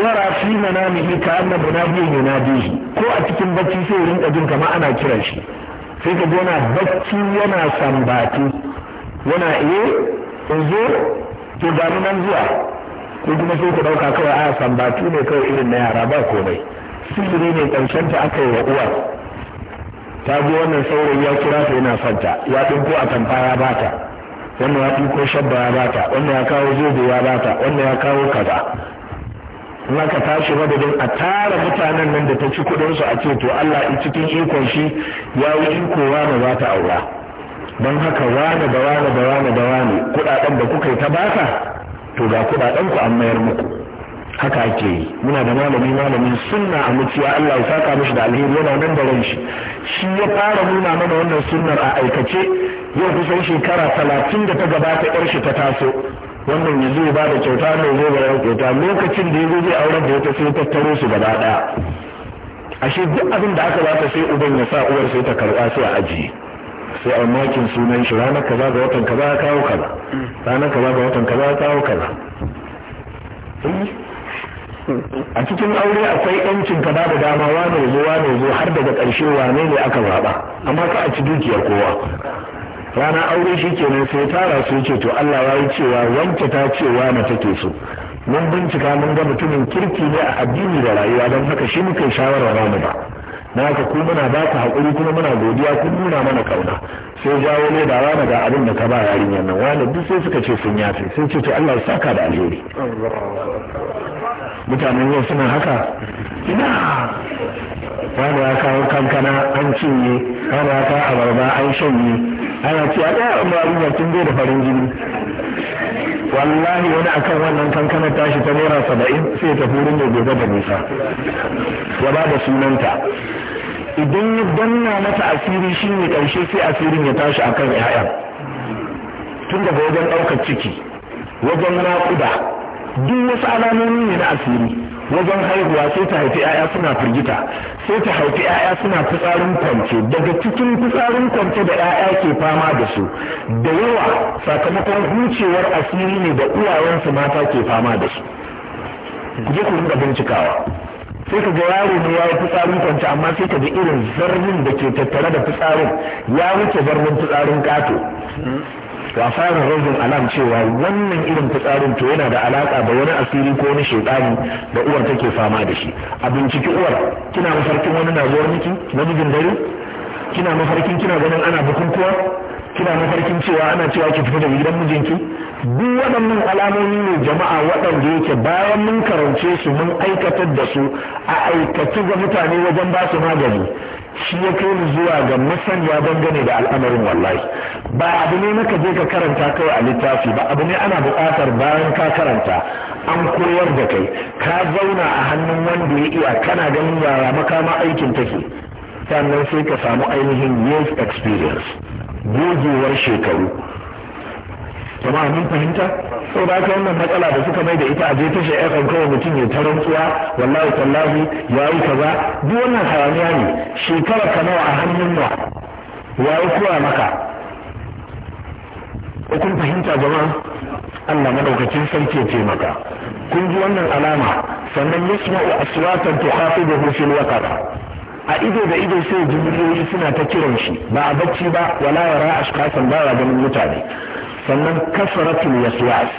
yara fi manamihi ka anna na yunadihi ko a cikin bacci sai ya rinka jin kama ana kiran shi sai ka yana bacci yana sambatu yana iya eh, in zo to gani nan zuwa ko kuma sai ku ɗauka kawai a ah, sambatu ne kawai irin na yara ba komai sihiri ne karshen ta aka yi wa uwar ta je wannan saurayi ya kira ta yana santa ya dinko a tamfa ya bata wannan ya dinko shabba ya bata wannan ya kawo zobe ya bata wannan ya kawo kaza in aka tashi madadin a tara mutanen nan da ta ci su a ce to Allah in cikin ikon shi ya yi iko wane ba ta aura don haka na da na da na da ne, kuɗaɗen da kuka yi ta bata to ga kuɗaɗen ku an mayar muku haka ake yi muna da malami malami sunna a mutuwa Allah ya saka mishi da alheri yana nan da ranshi shi ya fara nuna mana wannan sunnar a aikace yau kusan shekara talatin da ta gabata yar shi ta taso wannan yanzu ya bada kyauta mai zo bayan kyauta lokacin da ya zo zai auren da ya tafi tattaro su gaba daya ashe duk abin da aka bata sai uban ya sa uwar sai ta karba sai a ajiye sai a makin sunan shi ranar kaza ga watan kaza ya kawo kaza ranar kaza ga watan kaza ya kawo kaza eh? a cikin aure akwai yancin ka babu dama ne zo ne zo har daga ƙarshe wane ne aka zaɓa amma ka a ci dukiyar kowa rana aure shi kenan sai tara su ce to Allah ya yi cewa wanke ta ce wa na take so mun bincika mun ga mutumin kirki ne a addini da rayuwa don haka shi muka shawara mu ba na haka ku muna ba ka haƙuri kuma muna godiya ku nuna mana kauna sai jawo ne da wani ga abin da ka ba yarinyar nan wani duk sai suka ce sun yafe sai ce to Allah ya saka da alheri mutanen yau suna haka ina wani ya kawo kankana an cinye wani ya kawo abarba an shanye ana cewa ɗaya amma abubuwa tun bai da farin jini wallahi wani akan wannan kankanar tashi ta naira saba'in sai ta furin da gobe da nisa ya ba da sunanta idan ya danna mata asiri shi ne ƙarshe sai asirin ya tashi akan 'ya'yan tun daga wajen ɗaukar ciki wajen naƙuda duk wasu alamomi ne na asiri wajen haihuwa sai ta haifi 'ya'ya suna firgita sai ta haifi 'ya'ya suna fitsarin kwance daga cikin fitsarin kwance da 'ya'ya ke fama da su da yawa sakamakon hucewar asiri ne da uwayensu mata ke fama da su ku je ku rinka bincikawa sai ka ga yaro ne ya yi fitsarin kwance amma sai ka ga irin zarrin da ke tattare da fitsarin ya wuce zarrin fitsarin kato wa a fara alam cewa wannan irin fitsarin to yana da alaka da wani asiri ko wani shekani da uwar take fama da shi a binciki uwar kina mafarkin wani na zuwar miki namijin dare kina mafarkin kina ganin ana bukukuwa kina mafarkin cewa ana cewa ki fita daga gidan mijinki duk waɗannan alamomi ne jama'a waɗanda yake bayan mun karance su mun aikatar da su a aikaci ga mutane wajen ba su magani shi ya kai ni zuwa ga masaniya dangane da al'amarin wallahi ba abu ne maka je ka karanta kawai a littafi ba abu ne ana buƙatar bayan ka karanta an koyar da kai ka zauna a hannun wanda ya iya kana ganin yara makama aikin take sannan sai ka samu ainihin years experience gogewar shekaru jama'a mun fahimta sau da aka wannan matsala da suka mai da ita a je tashar fm kawai mutum ya ta rantsuwa wallahi tallahi ya yi kaza duk wannan hayaniya ne shekara ka nawa a hannun wa ya yi koya maka kun fahimta jama'a Allah madaukakin sarki ya taimaka kun ji wannan alama sannan yasma'u aswatan tuhafiduhu fil waqara a ido da ido sai jimiyoyi suna ta kiran shi ba a bacci ba wala yara ashkasan ba ya ganin mutane sannan kasaratul waswas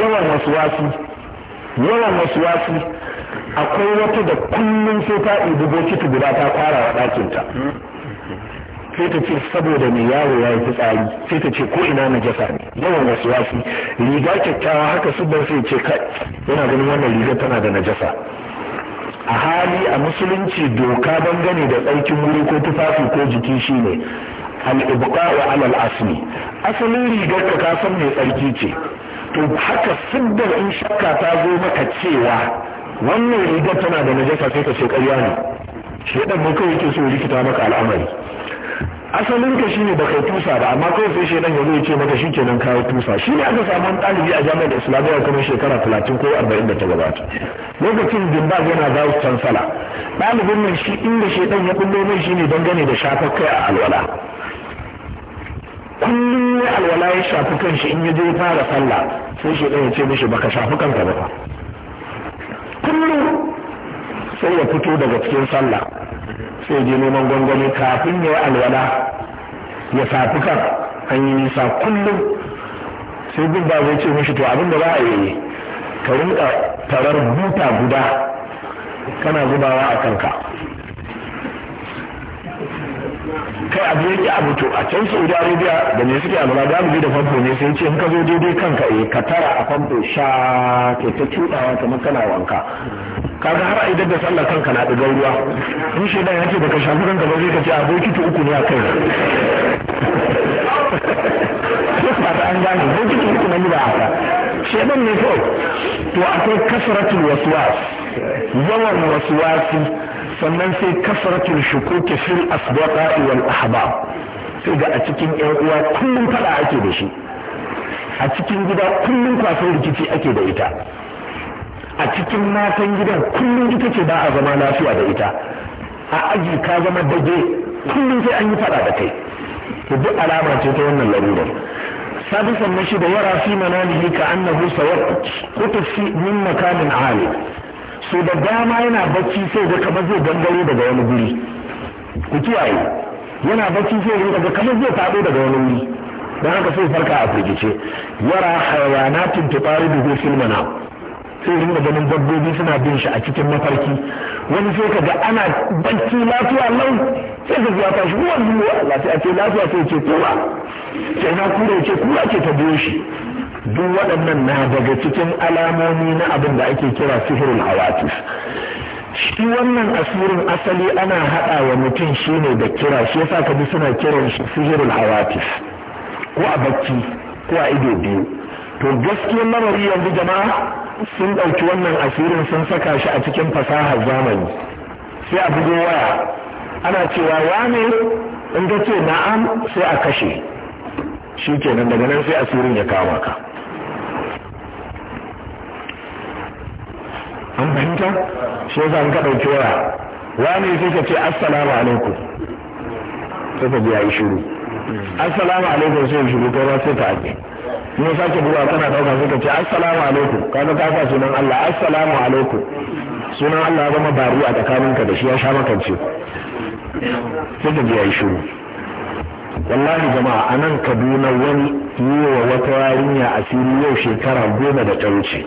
yawan waswasi yawan waswasi akwai wata da kullum sai ta ibi ta guda ta kwara wa ɗakinta sai ta ce saboda mai yaro ya yi fitsari sai ta ce ko ina na jasa ne yawan wasu riga kyakkyawa haka su bar sai ce kai yana ganin wannan riga tana da najasa a hali a musulunci doka gani da tsarkin wuri ko tufafi ko jiki shine al wa alal al asalin rigar ka kasar mai tsarki ce to haka siddar in shakka ta zo maka cewa wannan rigar tana da najasa sai ka ce ƙarya ne shedan ne kawai yake so rikita maka al'amari asalin ka shine baka tusa ba amma kawai sai shedan ya zo ya ce maka shikenan ka yi tusa shine aka samu wani ɗalibi a jami'ar islamiyya kamar shekara talatin ko arba'in da ta gabata lokacin dimbag yana vice chancellor ɗalibin nan shi inda shedan ya kullo mai shine dangane da shafar kai a alwala kullum ya alwala ya shafi kanshi in ya je fara sallah sai shi ɗaya ce mishi baka shafi kanka ba kullum sai ya fito daga cikin sallah sai je neman gwangwani kafin ya yi alwala ya shafi kan an yi nisa kullum sai bin ba zai ce mishi to abin da za a yi ka rinka tarar buta guda kana zubawa a kanka kai abu yake abu to a can saudi arabia da me suke alwala da mu da famfo ne sai ce in ka zo daidai kanka eh ka tara a famfo sha ke ta cudawa kamar kana wanka kaga har idan da sallar kanka na ɗigar ruwa in shi dan da ka shafi kanka ba zai ka ce aboki to uku ne a kai ba ta an gane aboki to uku ne ba ka. shedan ne kawai to akwai kasaratul waswas yawan waswasi sannan sai kasratul shukuki fil asbaqa wal ahbab sai ga a cikin yan uwa kullum fada ake da shi a cikin gida kullum kwasan rikici ake da ita a cikin matan gidan kullum ita ce ba a zama lafiya da ita a aji ka zama dage kullum sai an yi fada da kai to duk alama ce ta wannan larurar sabisan shi da yara fi manamihi ka annahu sayaqutu min makamin ali so da dama yana bacci sai ga kamar zai dangare daga wani guri ku kiyaye yana bacci sai ga kamar zai faɗo daga wani wuri Dan haka sai farka a firgice yara hayawanatin tutari da zai filma na sai da ganin dabbobi suna bin shi a cikin mafarki wani sai ka ga ana bacci lafiya lau sai ka zuwa tashi ruwan zuwa Allah sai a ce lafiya sai ce kura sai na kura ce kura ce ta biyo shi duk waɗannan na daga cikin alamomi na abin da ake kira sihirul hawatif shi wannan asirin asali ana haɗa wa mutum shi ne da kira shi yasa ka bi suna kiran shi sihirul hawatif ko a bacci ko a ido biyu to gaskiyar lamari yanzu jama'a sun ɗauki wannan asirin sun saka shi a cikin fasahar zamani sai a bugo waya ana cewa wane in ka ce na'am sai a kashe shi kenan daga nan sai asirin ya kama ka an fahimta shi yasa an ka ɗauki waya wani sai ka ce assalamu alaikum sai ka biya yi shiru assalamu alaikum sai shiru kai ba sai ka aje in ya sake buga kana ɗauka sai ka ce assalamu alaikum ka ga kafa sunan Allah assalamu alaikum sunan Allah ya zama bari a tsakanin ka da shi ya sha maka ce. sai ka biya yi shiru wallahi jama'a a nan kaduna wani yi wa wata yarinya asiri yau shekara goma da ta wuce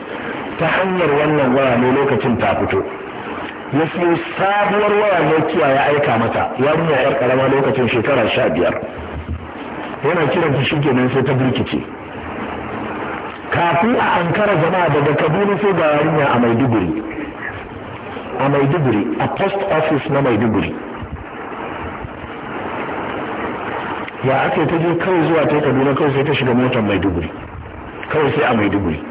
ta hanyar wannan waya ne lokacin ta fito ya siyo sabuwar waya nokia ya aika mata ya nuna yar karama lokacin shekara sha biyar yana kiran ta shi kenan sai ta birkice kafin a ankara jama'a daga kaduna sai ga yarinya a maiduguri a maiduguri a post office na maiduguri ya ake ta je kawai zuwa ta kaduna kawai sai ta shiga motar maiduguri kawai sai a maiduguri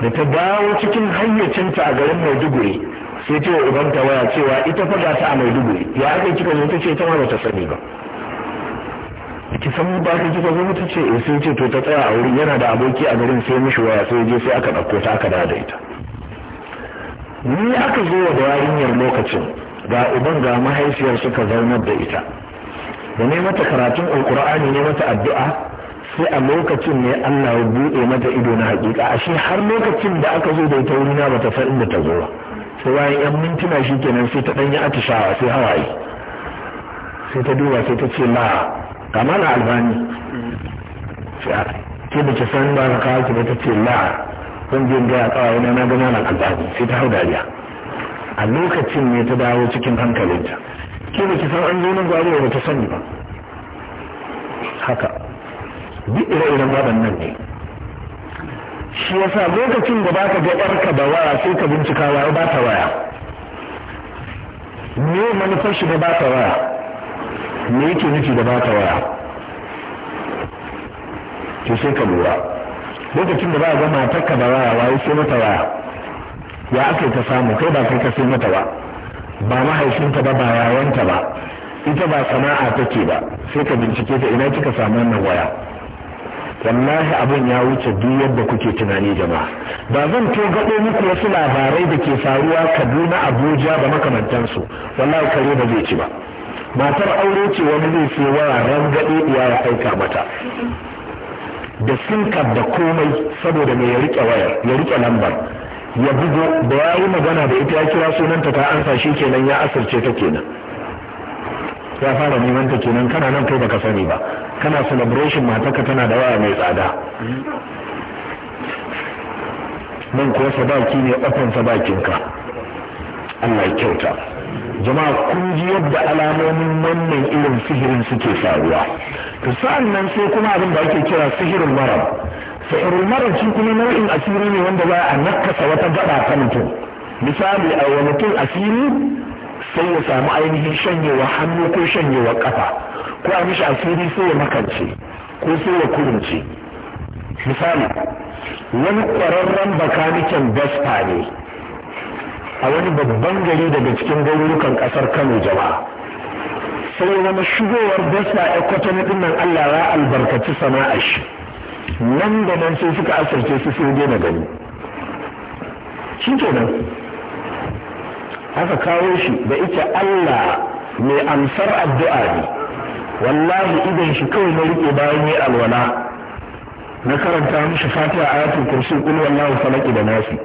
da ta dawo cikin hayyacinta a garin maiduguri sai ce wa ubanta waya cewa ita fa ta a maiduguri ya aka kika zo ta ce ta ma ba ta sani ba ki san ba ka kika zo ta ce in eh, sai ce to ta tsaya a wurin yana da aboki a garin sai mishi waya sai je sai aka ɗauko ta aka dada da ita ni aka zo wa da yarinyar lokacin ga uban ga mahaifiyar suka zaunar da ita da ne mata karatun alkur'ani ne mata addu'a sai a lokacin ne Allah ya buɗe mata ido na hakika shi har lokacin da aka zo da ita wuri na bata san inda ta zo ba sai bayan yan mintuna shi kenan sai ta dan yi atishawa sai hawaye sai ta duba sai ta ce la kama na albani ke da ke san ba ka kawo ki ta ce la zan je ga ya kawo na ga na albani sai ta hau dariya a lokacin ne ta dawo cikin hankalinta ke da ke san an zo nan gwari ba ta sani ba haka duk ire-iren waɗannan ne shi yasa lokacin da baka ga yarka da waya sai ka bincika waya ba ta waya me manufar shi da ba ta waya me yake nufi da ba ta waya to sai ka lura lokacin da ba ga matarka da waya waye sai mata waya ya aka ta samu kai ba kai ka sai mata ba ba mahaifinta ba ba yayanta ba ita ba sana'a take ba sai ka bincike ta ina kika samu wannan waya wallahi abin ya wuce duk yadda kuke tunani jama'a ba zan to gado muku wasu labarai da ke faruwa kaduna abuja da makamantansu wallahi kare ba zai ci ba matar aure ce wani zai sai waya ran gaɗe ya aika mata da sinkar da komai saboda mai ya rike wayar ya rike lambar ya bugo da ya yi magana da ita ya kira sunanta ta ansa shikenan ya asirce ta kenan ya fara neman ta kenan kana nan kai baka sani ba kana celebration matarka tana da waya mai tsada nan kuwa sadaki ne ofan sadakinka Allah kyauta jama'a kun ji yadda alamomin wannan irin sihirin suke faruwa to sa'an nan sai kuma abin da ake kira sihirin maram sihirin maram shi kuma nau'in asiri ne wanda za a nakasa wata gaba ta mutum misali a wani mutum asiri sai ya samu ainihin shanyewa hannu ko shanyewa kafa ko a mishi asiri sai ya makance ko sai ya kurince misali wani kwararren bakaniken vespa ne a wani babban gari daga cikin garurukan kasar kano jama'a sai ya zama shigowar vespa ya kwatana dinnan allah ya albarkaci sana'a shi nan da nan sai suka asirce su sai gani Sun kenan aka kawo shi da ita Allah mai amsar addu'a ne wallahi idan shi kawai na rike bayan yi alwala na karanta mishi fatiha yatin kursi kul wallahu falaki da nasi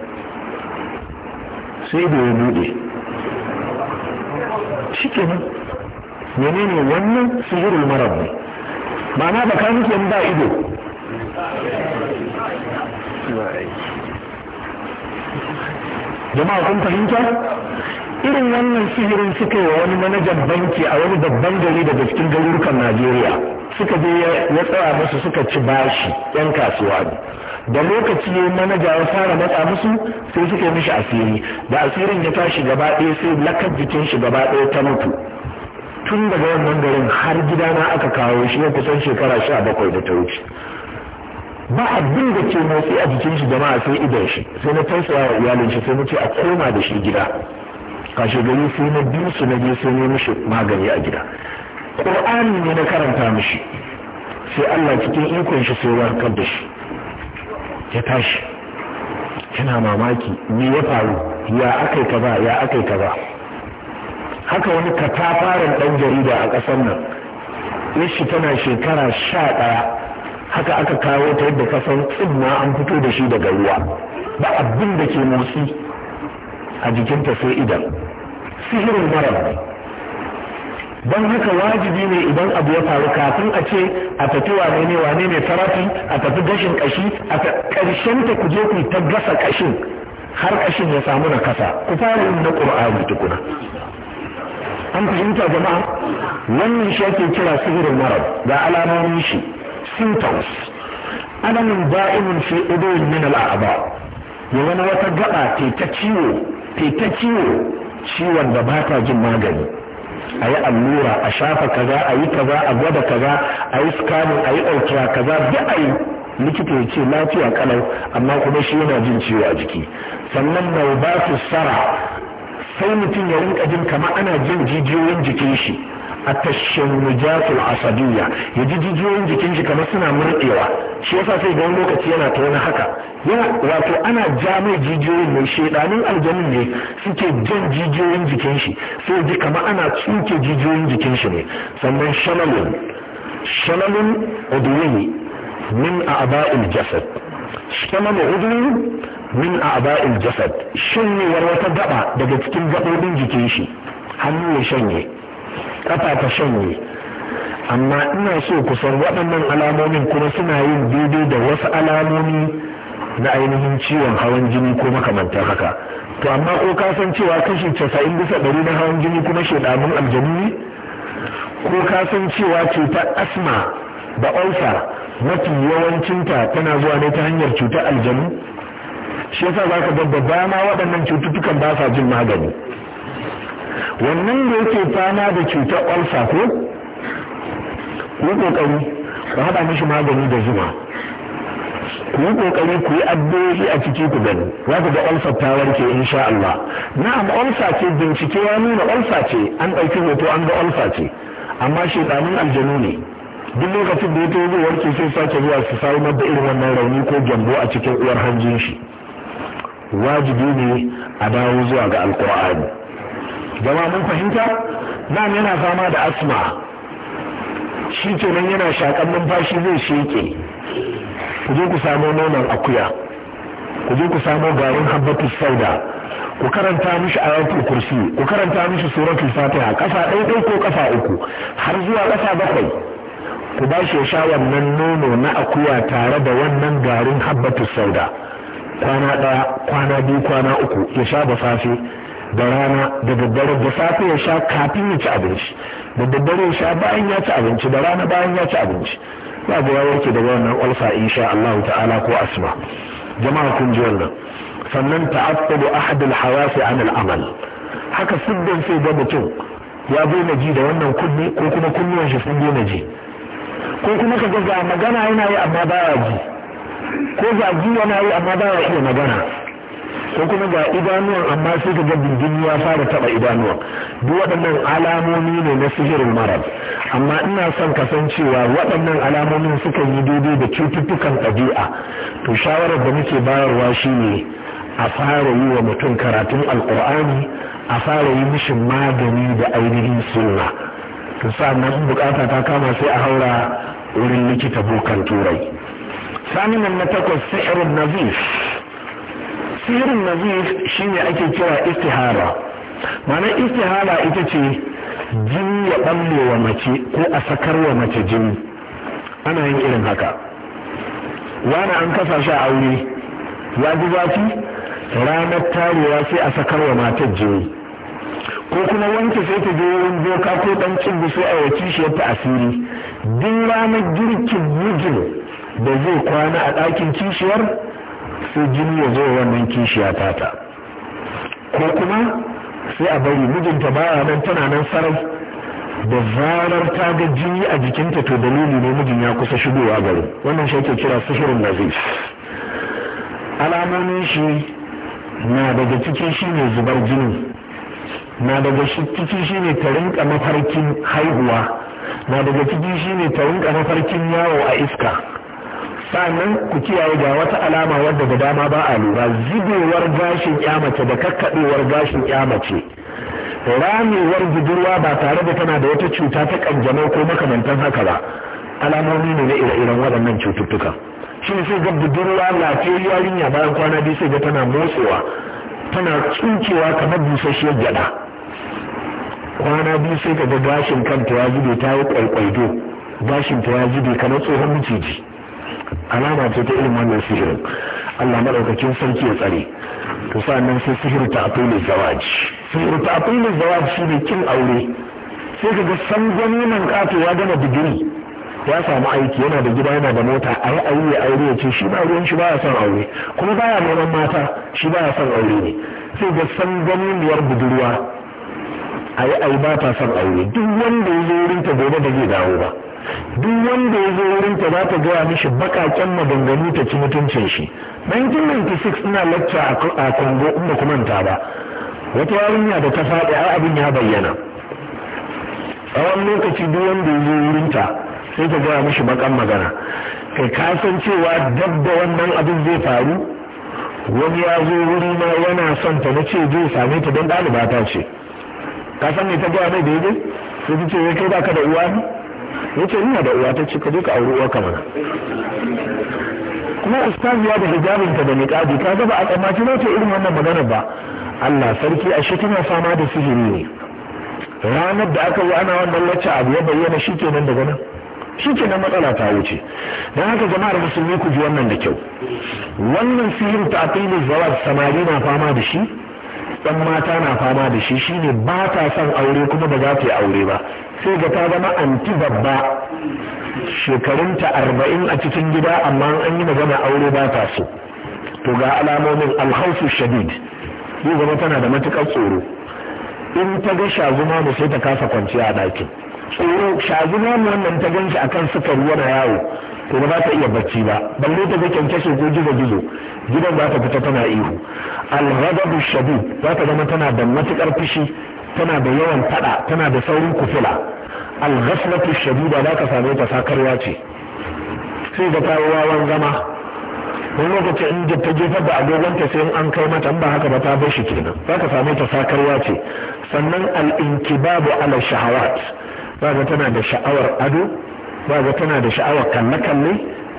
sai da ya bude shikenan menene wannan sihirul marar ne ma'ana ba ka nufin ba ido jama'a kun fahimta irin wannan sihirin suka yi wa wani manajan banki a wani babban gari daga cikin garurukan najeriya suka je ya tsaya musu suka ci bashi yan kasuwa ne da lokaci ne manaja ya fara matsa musu sai suka yi mishi asiri da asirin ya tashi gaba ɗaya sai lakar jikin shi gaba ɗaya ta mutu tun daga wannan garin har gidana aka kawo shi ya kusan shekara sha bakwai da ta wuce ba abin da ke motsi a jikin shi jama'a sai idan shi sai na tausaya wa iyalin shi sai na a koma da shi gida kashe gari sai na biyu su na je sai ne mishi magani a gida ƙur'ani ne na karanta mishi sai Allah cikin ikon shi sai warkar da shi ya tashi yana mamaki me ya faru ya akai kaza ya akai kaza haka wani katafaren ɗan jarida a ƙasar nan shi tana shekara sha ɗaya haka aka kawo ta yadda kasan tsinma an fito da shi daga ruwa ba abin da ke motsi a jikinta sai idan sihirin marar don haka wajibi ne idan abu ya faru kafin a ce a tafi wane ne wane ne tarafi a tafi gashin kashi a karshen ta ku je ku ta gasa kashin har kashin ya samu na kasa ku fara yin na qur'ani tukuna an fahimta jama'a wannan shi ake kira sihirin marar ga alamomin shi symptoms alamin da'imin fi udurin min al'aba ya wani wata gaba ce ta ciwo ta ciwo ciwon da ba ta jin magani a yi allura a shafa kaza a yi kaza a gwada kaza a yi scanning a yi ultra kaza duk a yi likita ya ce lafiya kalau amma kuma shi yana jin ciwo a jiki sannan basu sara sai mutum ya rinka jin kama ana jin jijiyoyin jikin shi a a asadiyya ya ji jijiyoyin jikin shi kamar suna murɗewa shi yasa sai ga lokaci yana ta wani haka yana wato ana ja mai jijiyoyin mai shedanin aljanun ne suke jan jijiyoyin jikin shi sai ji kamar ana tsuke jijiyoyin jikin shi ne sannan shanalin shanalin udwi min a'ba'il jasad shanalin udwi min a'ba'il jasad shanyewar wata gaba daga cikin gabobin jikin shi hannu ya shanye kafa ta shanye amma ina so ku san waɗannan alamomin kuma suna yin daidai da wasu alamomi na ainihin ciwon hawan jini ko makamantar haka to amma ko ka san cewa kashi casa'in bisa ɗari na hawan jini kuma shaidamun aljanu ne ko ka san cewa cutar asma da ulsa mafi yawancinta tana zuwa ne ta hanyar cutar aljanu shi yasa za ka ga da dama waɗannan cututtukan ba sa jin magani wannan da yake fama da cutar olsa ko ku yi kokari ku haɗa mishi magani da zuma ku yi kokari ku yi addu'o'i a ciki ku gani za ku ga olsa ta warke insha Allah na'am olsa ce bincike nuna olsa ce an ɗauki hoto an ga olsa ce amma shedanin aljanu ne duk lokacin da ya tozo warke sai sake zuwa su samar da irin wannan rauni ko gyambo a cikin uwar hanjin shi wajibi ne a dawo zuwa ga alkur'ani jama mun fahimta nan yana fama da asma shi kenan yana shakan numfashi zai sheke ku je ku samo nonon akuya ku je ku samo garin habbatu sauda ku karanta mishi ayatul kursi ku karanta mishi suratul fatiha kafa ɗaya ɗaya ko kafa uku har zuwa kafa bakwai ku ba shi ya sha wannan nono na akuya tare da wannan garin habbatu sauda kwana ɗaya kwana biyu kwana uku ya sha da safe da rana da daddare da safe ya sha kafin ya ci abinci da daddare ya sha bayan ya ci abinci da rana bayan ya ci abinci ba ga ya warke daga wannan ulfa insha Allah ta'ala ko asma jama'a kun ji wannan sannan ta'attabu ahad al-hawasi an al-amal haka siddan sai ga mutum ya daina ji da wannan kunne ko kuma kunnuwan shi sun daina ji ko kuma ka ga magana yana yi amma baya ji ko ga ji yana yi amma baya iya magana ko kuma ga idanuwan amma sai ka ga gindin ya fara taba idanuwan duk waɗannan alamomi ne na sihirin marar amma ina son kasancewa waɗannan alamomin suka yi daidai da cututtukan ɗabi'a to shawarar da muke bayarwa shine a fara yi wa mutum karatun alkur'ani a fara yi mishi magani da ainihin sunna to sa'annan bukata ta kama sai a haura wurin likita bukan turai sanin na takwas sihirin nazif tafsirin nazif shine ake kira istihara mana istihara ita ce jini ya ɓalle wa mace ko a sakar wa mace jini ana yin irin haka wani an kasa shi a aure ya ji zafi ranar tarewa sai a sakar wa matar jini ko kuma wanke sai ta je wani doka ko dan cin sai a wace shi ta asiri duk ranar girkin mijin da zai kwana a ɗakin kishiyar sai jini ya zo wannan ya tata ko kuma sai a bari mijinta baya nan tana nan sarai da zarar ta ga jini a jikinta to dalili ne mijin ya kusa shigowa garin wannan shi ake kira sihirin nazif alamomin shi na daga cikin shi ne zubar jini na daga ciki shi ne ta rinka mafarkin haihuwa na daga ciki shi ne ta rinka mafarkin yawo a iska sannan ku kiyaye ga wata alama wadda da dama ba a lura zubewar gashin mace da kakkaɗewar gashin mace ramewar budurwa ba tare da tana da wata cuta ta kanjamau ko makamantan haka ba alamomi ne na ire-iren waɗannan cututtuka shi sai ga budurwa lafiyar yarinya bayan kwana biyu sai ga tana motsewa tana tsinkewa kamar busasshiyar gyaɗa? kwana biyu sai ka ga gashin kanta ya zube ta yi kwaikwaido gashin ta ya zube kamar tsohon miciji alama ce ta irin wannan sihirin Allah madaukakin sarki ya tsare to sa'annan sai sihir ta aqilu zawaj sihir ta aqilu zawaj ne kin aure sai kaga san gani kato ya gama digiri ya samu aiki yana da gida yana da mota yi aure aure ya ce shi ba ruwan shi baya son aure kuma baya neman mata shi baya son aure ne sai ga san ganiyar budurwa a ayi ba ta son aure duk wanda ya zo wurinta gobe da zai dawo ba duk wanda ya zo wurin ta za ta gaya mishi bakaken maganganu ta ci mutuncin shi 1996 ina lacca a kongo in ba manta ba wata yarinya da ta faɗi a abin ya bayyana A wani lokaci duk wanda ya zo wurin ta sai ta gaya mishi bakan magana kai ka cewa dab da wannan abin zai faru wani ya zo wuri ma yana son ta na ce zai same ta don ɗaliba ce kasan san me ta gaya mai daidai sai ta ce kai baka da uwa yace nuna da uwa ta ce ka je ka auri uwarka mana kuma ustaziya da ta da niqabi ka ga ba a tsammaci ne irin wannan magana ba Allah sarki ashe kina fama da sihiri ne ranar da aka yi ana wannan lacca abu ya bayyana kenan daga nan shikenan matsala ta wuce don haka jama'ar musulmi ku ji wannan da kyau wannan sihiri ta zawar samari na fama da shi ɗan mata na fama da shi shi ne ba ta son aure kuma ba za ta yi aure ba sai ga ta zama anti babba shekarunta arba'in a cikin gida amma an yi magana aure ba ta so to ga alamomin alhausu shadid zai zama tana da matukar tsoro in ta ga shazuma da sai ta kasa kwanciya a ɗakin tsoro shazuma wannan ta ganshi akan sukari yana yawo to ba za ta iya bacci ba balle ta ga kyankyashe ko gizo gizo gidan za ta fita tana ihu al-ghadabu shadid za ta zama tana da matukar fushi tana da yawan fada tana da saurin kufula al-ghaflatu shadida za ka same ta sakarwa ce sai ga wawan zama wani lokaci in da ta jefar da agogonta sai an kai mata in ba haka ba ta bar shi kenan za ka same ta sakarwa ce sannan al-inkibabu ala shahawat za tana da sha'awar ado ba tana da sha'awar kalle-kalle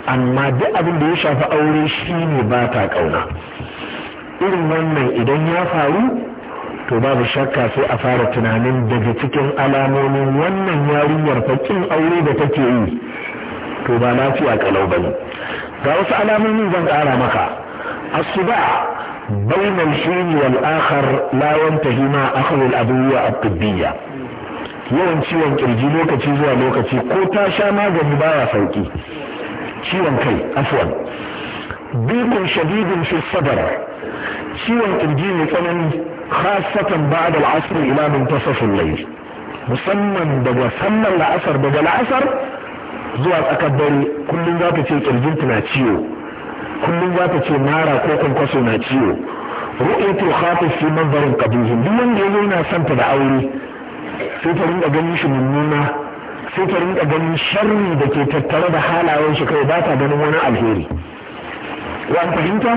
amma duk abin da ya shafi aure shi ne ba ta ƙauna irin wannan idan ya faru to babu shakka sai a fara tunanin daga cikin alamomin wannan yarinyar faƙin aure da take yi to ba lafiya kalau bane ga wasu alamomin zan ƙara maka asuba bainal shini wal akhar la yantahi ma akhdhu al at-tibbiyya yawan ciwon kirji lokaci zuwa lokaci ko ta sha magani baya sauki ciwon kai afuwan. bikun shadidin fi sadar ciwon kirji mai tsanani khasatan ba'da al'asr ila muntasaf al-layl musamman daga sallar la'asar daga la'asar zuwa tsakar dare kullum za ta ce kirjinta na ciwo kullum za ta ce mara ko kwankwaso na ciwo ru'yatul khatif fi manzarin qabihin duk wanda yazo yana santa da aure sai ta rinka ganin shi mummuna sai ta rinka ganin sharri da ke tattare da halayen shi kai ba ta ganin wani alheri wa fahimta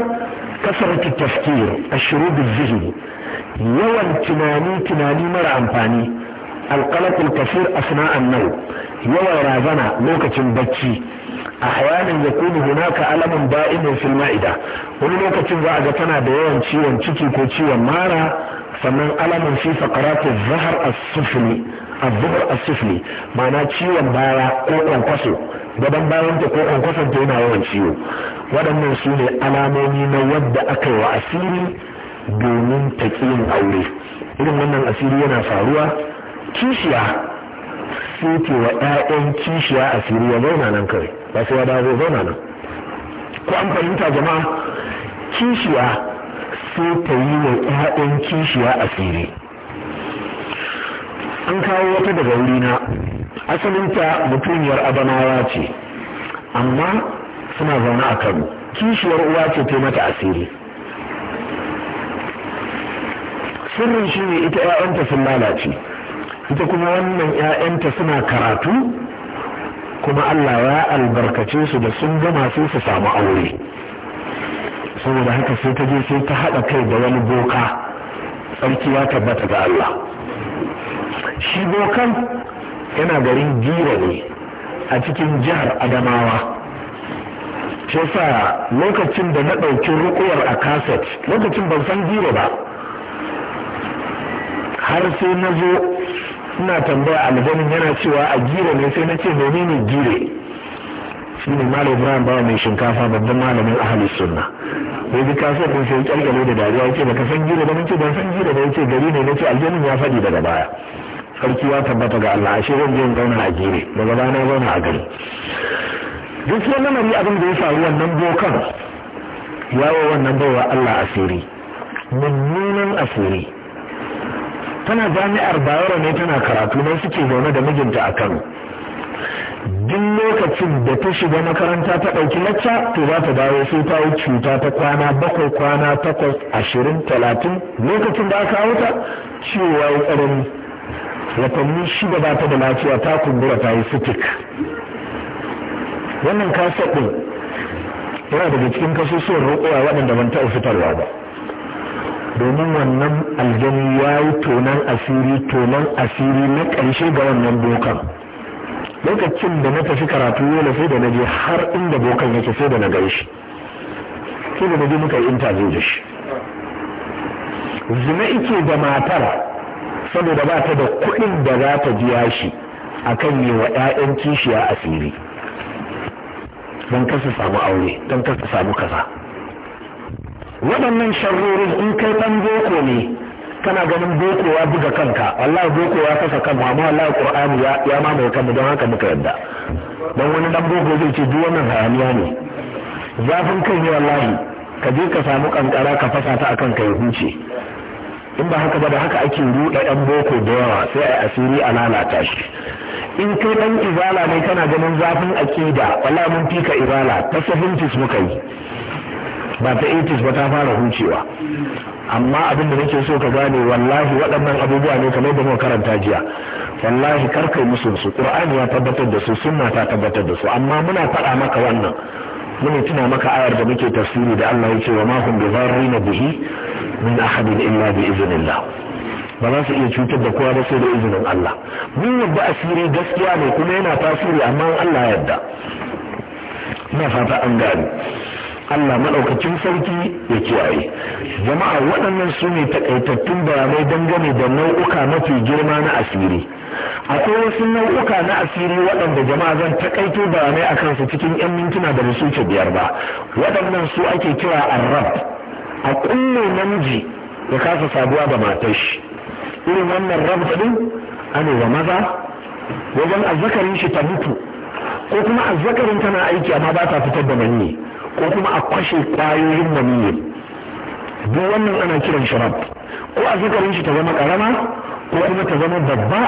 kasaratu tafkir ashrub az-zihn yawan tunani tunani mara amfani alqalat al-kasir asna an-naw yawan razana lokacin bacci ahyanan yakunu hunaka alamun da'imun fil ma'ida wani lokacin za a ga tana da yawan ciwon ciki ko ciwon mara sannan alamun fi fakaratu zahar as-sufli a zuhr mana ma'ana ciwon baya ko kwankwaso gaban bayan ta ko kwankwason ta yana yawan ciwo waɗannan su ne alamomi na wadda aka yi wa asiri domin ta yin aure irin wannan asiri yana faruwa kishiya sai ke wa 'ya'yan kishiya asiri ya zauna nan kawai ba sai ya dawo zauna nan ko an fahimta jama'a kishiya sai ta yi wa ƴaƴan kishiya asiri an kawo wata daga wurina asalinta mutumiyar abanawa ce amma suna zaune a kano kishiyar uwa ce ta mata asiri sirrin shi ne ita 'ya'yanta sun lalace ita kuma wannan 'ya'yanta suna karatu kuma allah ya albarkace su da sun gama sai su samu aure saboda haka sai ta je sai ta haɗa kai da wani boka tsarki ya tabbata ga Allah shi bokan yana garin jira ne a cikin jihar adamawa ce sa lokacin da na ɗauki rukuwar a kaset lokacin ban san jira ba har sai na zo ina tambaya aljanin yana cewa a jira ne sai na ce ne gire shi ne malam ibrahim bawa mai shinkafa babban malamin ahalus sunna bi ka so din sai kyalkyale da dariya yake baka san gida da ce ban san jira da yace gari ne nace aljannin ya fadi daga baya sarki ya tabbata ga Allah ashe zan je in zauna a gire daga baya na zauna a gari Duk gaskiyar lamari abin da ya faru wannan bokan yawo wannan baiwa Allah asiri mummunan asiri tana jami'ar bayero ne tana karatu ne suke zaune da mijinta a kano duk lokacin da ta shiga makaranta ta ɗauki lacca to za ta dawo sai ta yi cuta ta kwana bakwai kwana takwas ashirin talatin lokacin da aka wuta cewa ya ƙarami watanni shida ba ta da lafiya ta kumbura ta yi sitik wannan kasar ɗin yana daga cikin kasusuwan roƙowa waɗanda ban taɓa fitarwa ba domin wannan aljani ya yi tonon asiri tonan asiri na ƙarshe ga wannan dokan lokacin da na tafi karatu yau sai da na je har inda bokan yake sai da na gan shi sai da na je muka yi interview da shi zina ike da matar saboda ba ta da kuɗin da za ta biya shi a kan yi wa 'ya'yan kishiya asiri don kasa samu aure don kasa samu kaza waɗannan sharrorin in kai ɗan boko ne kana ganin boko buga kanka wallahi boko ya kasa kanmu amma wallahi qur'ani ya ya mamaye kanmu don haka muka yadda dan wani dan boko zai ce duk wannan hayaniya ne zafin kai ne wallahi ka je ka samu kankara ka fasa ta akan kai huce in ba haka ba da haka ake ruɗa ɗan boko da yawa sai a asiri a lalata shi in kai ɗan izala ne kana ganin zafin aƙida wallahi mun fika izala ta muka yi ba ta 80s ba ta fara hucewa amma abin da nake so ka gane wallahi waɗannan abubuwa ne kamar da muka karanta jiya wallahi kar kai musu su qur'ani ya tabbatar da su sunna ta tabbatar da su amma muna faɗa maka wannan muna tuna maka ayar da muke tafsiri da Allah ya ce wa ma hum bi bihi min ahadin illa bi iznillah ba za su iya cutar da kowa ba sai da izinin Allah mun yadda asiri gaskiya ne kuma yana tasiri amma Allah ya yarda ina fata an gani. Allah maɗaukacin sarki ya kiyaye jama'a waɗannan su ne takaitattun bayanai dangane da nau'uka mafi girma na asiri akwai wasu nau'uka na asiri waɗanda jama'a zan takaito bayanai a kansu cikin 'yan mintuna da su ce biyar ba waɗannan su ake kira arab a kulle namiji ya kasa saduwa da matar shi irin wannan rab ɗin ane wa maza wajen azzakarin shi ta mutu ko kuma azzakarin tana aiki amma ba ta fitar da manni ko kuma a kwashe kwayoyin maniyyi duk wannan ana kiran sharab ko a zikarin shi ta zama karama ko kuma ta zama babba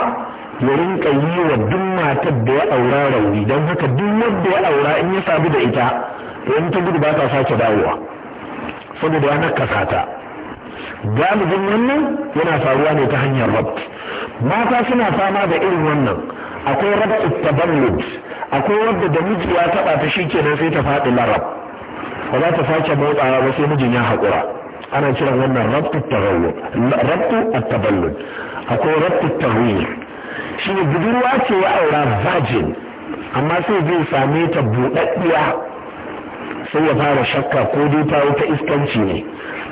ya rinka yi wa duk matar da ya aura rauni don haka duk wanda ya aura in ya sabu da ita to in ta gudu ba ta sake dawowa saboda ya nakasa ta galibin wannan yana faruwa ne ta hanyar rabt mata suna fama da irin wannan akwai rabt tabarrud akwai wadda da miji ya taba ta kenan sai ta faɗi larab ba za ta sake motsawa ba sai mijin ya haƙura ana kiran wannan rabtu tagayyur rabtu at-taballud akwai rabtu Shi ne budurwa ce ya aura virgin amma sai zai same ta buɗaɗɗiya sai ya fara shakka ko dai ta wuta iskanci ne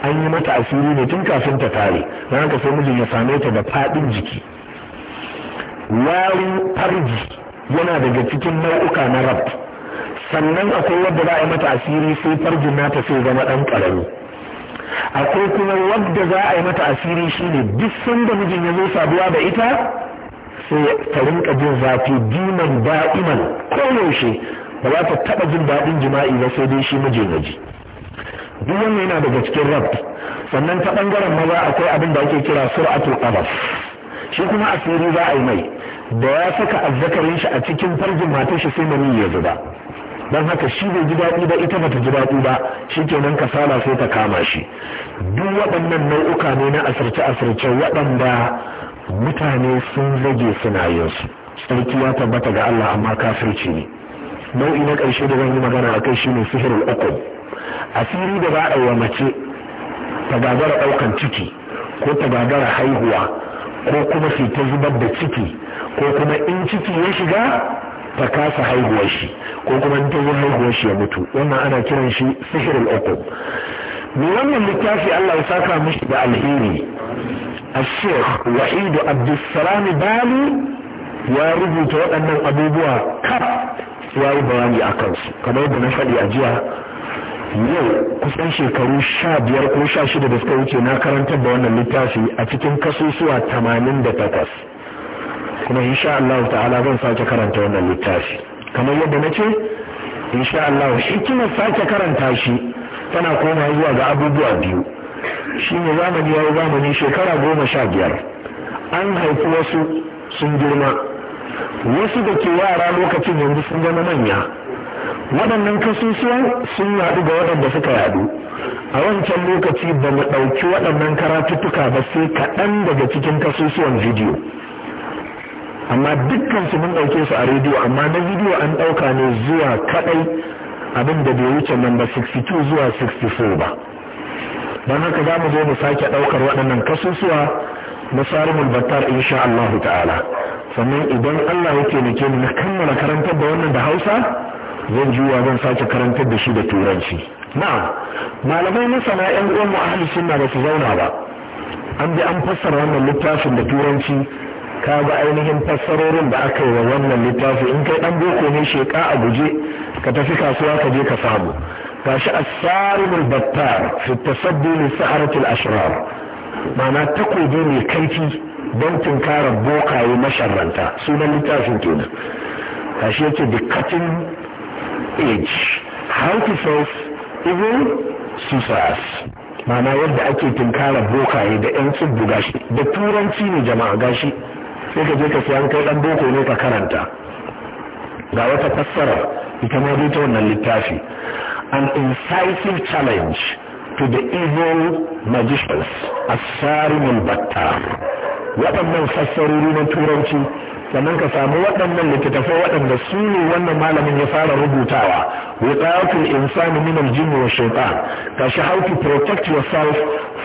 an yi mata asiri ne tun kafin ta tare don haka sai mijin ya same ta da faɗin jiki Wari farji yana daga cikin nau'uka na rabt sannan akwai wadda za a yi mata asiri sai farjin nata sai zama ɗan ƙarami akwai kuma wadda za a yi mata asiri shine duk sanda mijin ya zo saduwa da ita sai ta rinka jin zafi diman da'iman yaushe ba za ta taɓa jin daɗin jima'i ba sai dai shi mijin ya ji duk wannan yana daga cikin rab sannan ta ɓangaren maza akwai abin da ake kira sur'atul qabas shi kuma asiri za a yi mai da ya saka azzakarin shi a cikin farjin matar shi sai mani ya zuba don haka shi bai ji daɗi ba ita bata ji daɗi ba shi kenan kasala sai ta kama shi duk waɗannan nau'uka ne na asirce-asirce waɗanda mutane sun zage suna yin su sarki ya tabbata ga Allah amma kafirci ne nau'i na ƙarshe da zan yi magana a kai shine sihirul uku asiri da ba a yi wa mace ta gagara ɗaukan ciki ko ta gagara haihuwa ko kuma sai ta zubar da ciki ko kuma in ciki ya shiga ta kasa haihuwar shi ko kuma ta yi haihuwar shi ya mutu wannan ana kiran shi sihirin uku mu wannan littafi Allah ya saka mishi da alheri a sheikh wa'idu Abdussalam bali ya rubuta waɗannan abubuwa kaf ya yi bayani a kansu kamar yadda na faɗi a jiya yau kusan shekaru sha biyar ko sha shida da suka wuce na karantar da wannan littafi a cikin kasusuwa tamanin da takwas kuma insha Allah ta'ala zan sake karanta wannan littafi kamar yadda na ce insha Allah shi hikimar sake karanta shi tana koma zuwa ga abubuwa biyu shi ne zamani ya yi zamani shekara goma sha biyar an haifi wasu sun girma wasu da ke yara lokacin yanzu sun zama manya waɗannan kasusuwa sun yaɗu ga waɗanda suka yaɗu a wancan lokaci ba mu ɗauki waɗannan karatuttuka ba sai kaɗan daga cikin kasusuwan bidiyo amma dukkansu mun ɗauke su a rediyo amma na bidiyo an ɗauka ne zuwa kaɗai abin da bai wuce lamba 62 zuwa 64 ba don haka za mu zo mu sake ɗaukar waɗannan kasusuwa na sarimul battar insha Allah ta'ala sannan idan Allah ya taimake mu na kammala karantar da wannan da Hausa zan juwa zan sake karantar da shi da turanci na'am malamai masana yan uwan mu ahli sunna ba su zauna ba an bi an fassara wannan littafin da turanci ka ga ainihin fassarorin da aka yi wa wannan littafi in kai dan boko ne sheka a guje ka tafi kasuwa ka je ka samu gashi as-sarimul battar fi tasaddi li sa'aratil ashrar ma'ana takobi mai kaifi don tunkara bokaye masharranta sunan littafin kenan gashi yake the cutting age how to face evil suicides ma'ana yadda ake tunkara bokaye da 'yan tsibbu gashi da turanci ne jama'a gashi sai ka je ka siya kai dan boko ne ka karanta ga wata fassara ita ma ta wannan littafi an incisive challenge to the evil magicians asarimul battar waɗannan fassarori na turanci sannan ka samu waɗannan littattafai waɗanda su ne wannan malamin ya fara rubutawa without insani min al-jinn wa shaytan kashi how to protect yourself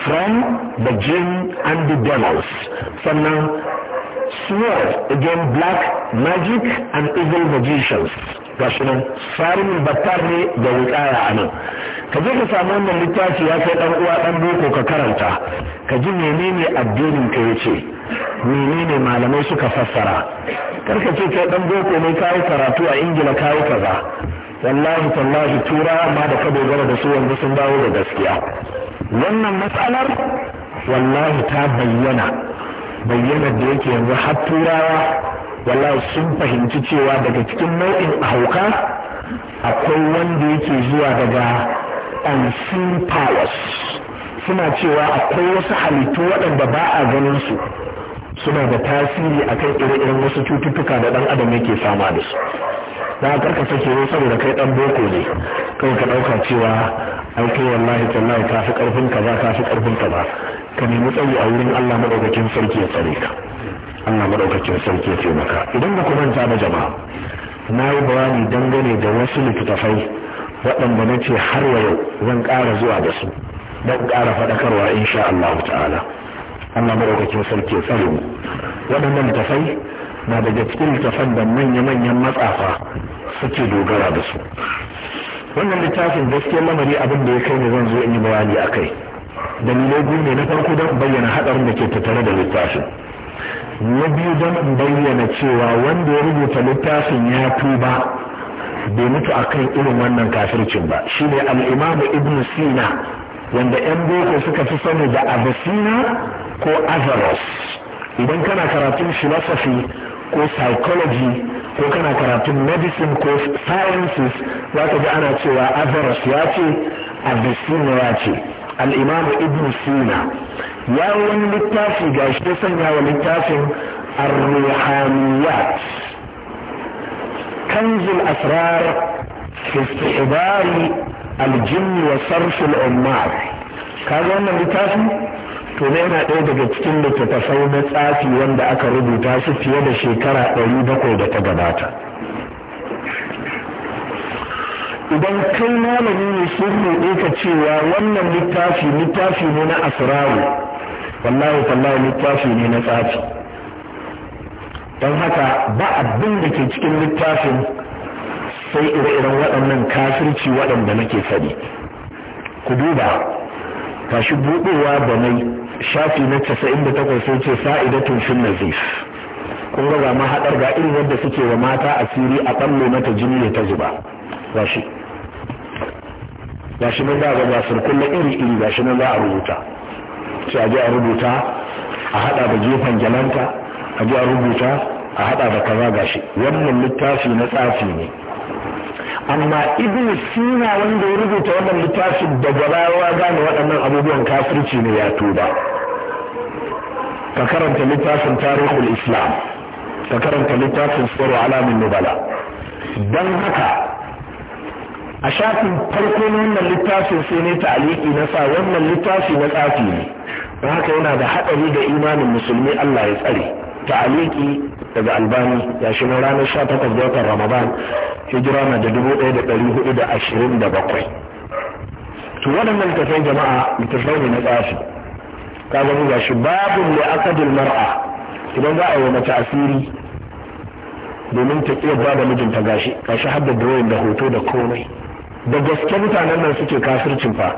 from the jinn and the devils sannan Small against black magic and evil magicians ga shi nan battar ne da wukaya a nan ka je ka samu wannan littafi ya kai dan uwa dan boko ka karanta ka ji menene addinin ka yace menene malamai suka fassara karka ce kai dan boko ne kai karatu a ingila kai kaza wallahi tallahi tura amma da ka dogara da su wanda sun dawo da gaskiya wannan matsalar wallahi ta bayyana bayyanar da yake yanzu har turawa wallahi sun fahimci cewa daga cikin nau'in hauka akwai wanda yake zuwa daga unseen powers suna cewa akwai wasu halittu waɗanda ba a ganin su suna da tasiri akan ire-iren wasu cututtuka da ɗan adam yake fama da su na karka sake ne saboda kai ɗan boko ne kawai ka ɗauka cewa aikin wallahi tallahi ka fi karfin ba ka fi karfin ba. ka nemi tsayi a wurin Allah maɗaukakin sarki ya tsare ka Allah madaukakin sarki ya taimaka idan ba ku manta ba jama'a na yi bayani dangane da wasu littattafai waɗanda na ce har wa yau zan ƙara zuwa da su don ƙara faɗakarwa insha Allah ta'ala Allah madaukakin sarki ya tsare mu waɗannan littattafai na daga cikin littattafan da manya-manyan matsafa suke dogara da su wannan littafin gaskiya lamari abin da ya kai ne zan zo in yi bayani a kai dalilai biyu ne na farko don bayyana hadarin da ke tattare da littafin na biyu don bayyana cewa wanda ya rubuta littafin ya tuba bai mutu a kan irin wannan kafircin ba shine al-imam ibn sina wanda yan boko suka fi sani da avicina ko averroes idan kana karatun philosophy ko psychology ko kana karatun medicine ko sciences za ka ji ana cewa averroes ya ce avicina ya ce al'imam ibn sina ya wani littafi ga shi sanya wa littafin ar kanzul asrar fi istihbari wa sarfin al-ummar kaga wannan littafi to ne yana ɗaya daga cikin littattafai na tsafi wanda aka rubuta su fiye da shekara ɗari bakwai da ta gabata idan kai malami ne sun roƙe ka cewa wannan littafi littafi ne na asraru wallahi tallahi littafi ne na tsafi don haka ba abin da ke cikin littafin sai ire-iren waɗannan kafirci waɗanda nake faɗi ku duba tashi buɗewa da mai shafi na casa'in da takwas sai ce fa'idatun fin nazif kun ga ma haɗar ga irin wanda suke wa mata asiri a ɓallo mata jini ya ta zuba gashi ga shi nan za a ga gasar iri iri ga shi nan za a rubuta sai a je a rubuta a hada da jefan gyalanta a je a rubuta a hada da kaza gashi wannan littafi na tsafi ne amma ibn sina wanda ya rubuta wannan littafin daga ga gane waɗannan abubuwan kafirci ne ya tuba ka karanta littafin tarihul islam ka karanta littafin tsoro alamin nubala don haka a shafin farko na wannan littafin sai ne ta'aliki na sa wannan littafi na tsafi ne don haka yana da haɗari ga imanin musulmi Allah ya tsare ta'aliki daga albani ya shi na ranar 18 ga watan ramadan hijira na da da ɗari ashirin bakwai. to waɗannan tafai jama'a littafai ne na tsafi ka gani ga shi babun da akadul mar'a idan za a yi mace asiri domin ta iya ba da mijinta gashi gashi har da da hoto da komai da gaske mutanen nan suke kafircin fa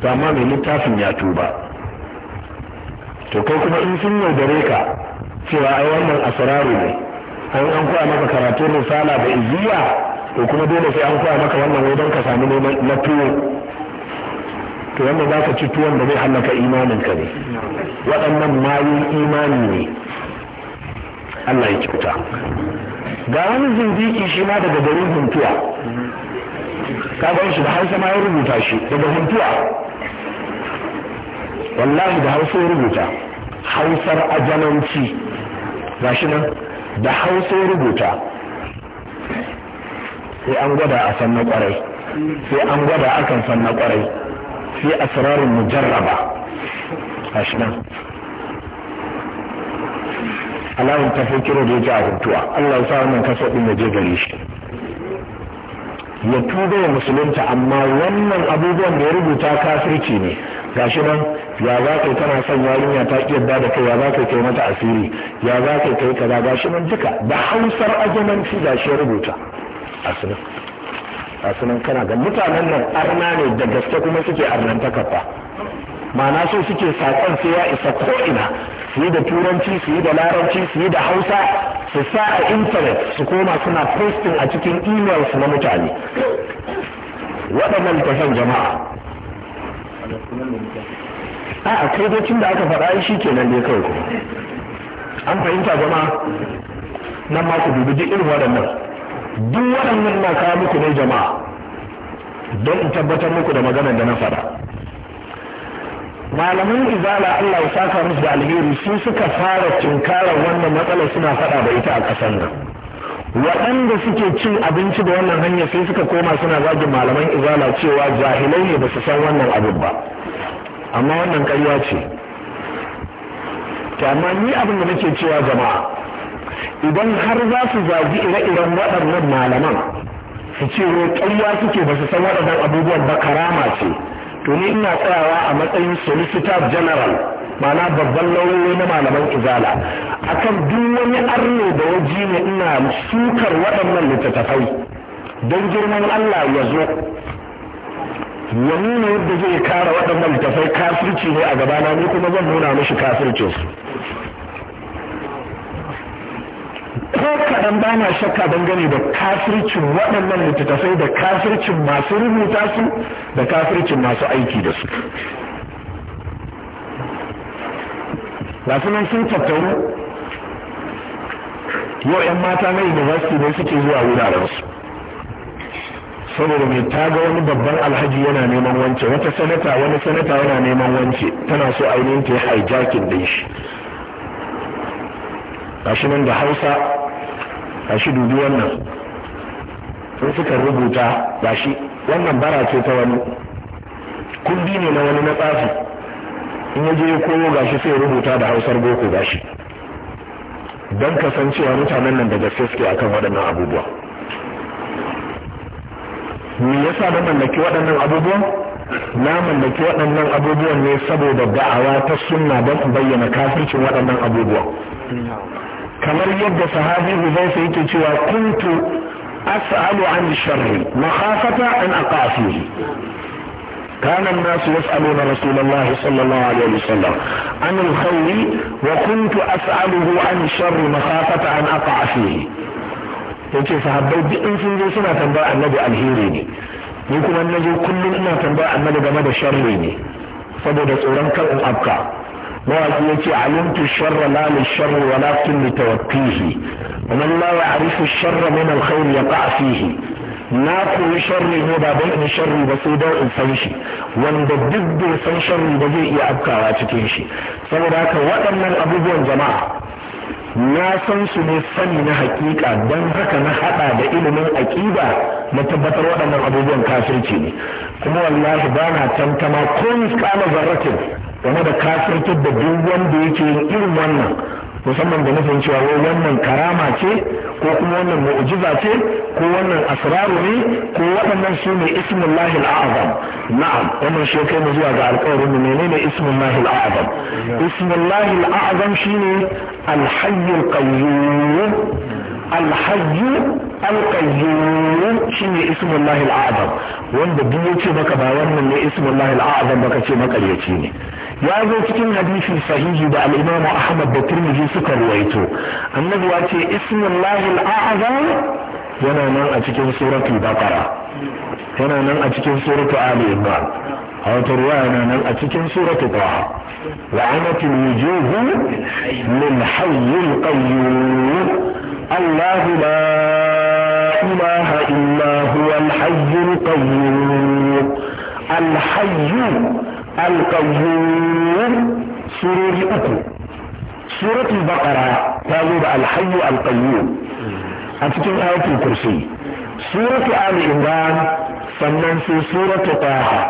to amma mai littafin ya tuba to kai kuma in sun yaudare ka cewa ai wannan asararu ne an an koya maka karatu Sala da iziya to kuma dole sai an koya maka wannan wai don ka samu neman na tuwo to wannan za ka ci tuwon da zai hallaka imanin ka ne waɗannan mayu imani ne Allah ya kyauta ga wani zindiki shi ma daga garin huntuwa Ka gan shi da hausa ma ya rubuta shi daga hantuwa wallahi da hausa ya rubuta hausar ajananci. ga shi nan da hausa ya rubuta sai an gwada a san na kwarai sai an gwada akan san na kwarai sai mu mujarraba ga shi nan alamun ta fi kiro da ya ji a huntuwa allah ya sa wannan kasa din da je gare shi ya tuba ya musulunta amma wannan abubuwan da ya rubuta kafirci ne Ga shi nan ya za ka tana son yarinya ta ki yadda da kai ya za ka kai mata asiri ya za ka kai kaza shi nan duka da hausar ajamanci gashi ya rubuta asinan asinan kana ga mutanen nan arna ne da gaske kuma suke ta kafa. mana so suke saƙon sai ya isa ko'ina su yi da turanci su yi da larabci su yi da hausa su sa a intanet su koma suna posting a cikin su na mutane waɗannan tafiyan jama'a a a kaidocin da aka faɗa shi nan ne kawai kuma an fahimta jama'a nan ma ku dubi duk irin waɗannan duk waɗannan na kawo muku ne jama'a don in tabbatar muku da maganar da na faɗa malaman izala Allah ya saka musu da alheri su suka fara tunkarar wannan matsala suna faɗa da ita a ƙasar nan waɗanda suke cin abinci da wannan hanya sai suka koma suna zagin malaman izala cewa jahilai ne ba su san wannan abin ba amma wannan ƙarya ce amma ni abin da nake cewa jama'a idan har za su zagi ire-iren waɗannan malaman su ce ƙarya suke ba su san waɗannan abubuwan ba karama ce to ni ina tsayawa a matsayin solicitor general mana babban lauyoyi na malaman izala akan duk wani arno da waje ne ina sukar waɗannan littattafai don girman Allah ya zo wani ne yadda zai kara waɗannan littattafai kafirci ne a gabana ni kuma zan nuna mashi kafircin ko kaɗan ba na shakka dangane da kafircin waɗannan littattafai da kafircin masu rubuta su da kafircin masu aiki da su masu nan sun tattaru yau 'yan mata na university ne suke zuwa wurarensu saboda mai taga wani babban alhaji yana neman wance wata sanata wani sanata yana neman wance tana so ainihin ta yi hijacking din shi gashi nan da hausa gashi dubi wannan sun suka rubuta gashi wannan bara ce ta wani kundi ne na wani matsafi in ya je ya koyo gashi sai rubuta da hausar boko gashi don kasancewa mutanen nan da gaske suke akan waɗannan abubuwa me yasa na mallaki waɗannan abubuwan na mallaki waɗannan abubuwan ne saboda da'awa ta sunna don in bayyana kafircin waɗannan abubuwan kamar صحابي sahabi Hudaifa yake كنت أسأل عن الشر مخافة أن أقع فيه كان الناس يسألون رسول الله صلى الله عليه وسلم عن الخير وكنت أسأله عن الشر مخافة أن أقع فيه يجي فهبت بأن سنجي سنة تنباء المدى الهيريني يكون النجو كل ما تنباء المدى المدى الشريني فبدا سورا كأن أبقى mawaki ya ce alimtu sharra la li sharri walakin li tawaffihi wa man la ya'rifu sharra min al yaqa fihi na koyi sharri ne ba don in sharri ba sai dan in san shi wanda duk bai san sharri ba zai iya afkawa cikin shi saboda haka waɗannan abubuwan jama'a na san su ne sani na hakika don haka na haɗa da ilimin aƙida na tabbatar waɗannan abubuwan kafirci ne kuma wallahi ba na tantama ko miskala zarratin game da kafirtar da duk wanda yake yin irin wannan musamman da nufin cewa wai wannan karama ce ko kuma wannan mu'jiza ce ko wannan asraru ne ko waɗannan su ne ismullahi al'azam na'am wannan shi kai mu zuwa ga alƙawarin mu menene ismullahi al'azam ismullahi al'azam shine al-hayy al-qayyum al-hayy al-qayyum shine ismullahi wanda duk yace maka ba wannan ne ismullahi al'azam baka ce makaryaci ne ya zo cikin hadisi sahihi da al-Imam Ahmad da Tirmidhi suka ruwaito annabi ya ce ismullahil a'zam yana nan a cikin suratul baqara yana nan a cikin suratul ali imran a wata ruwa yana nan a cikin suratul taha wa anatil wujuhu lil hayyil qayyum الله لا إله إلا هو الحي القيوم الحي alƙayyum surori uku suratul baqara ta zo da alhayyu alƙayyum a cikin ayatul kursi suratu ali imran sannan sai suratu taha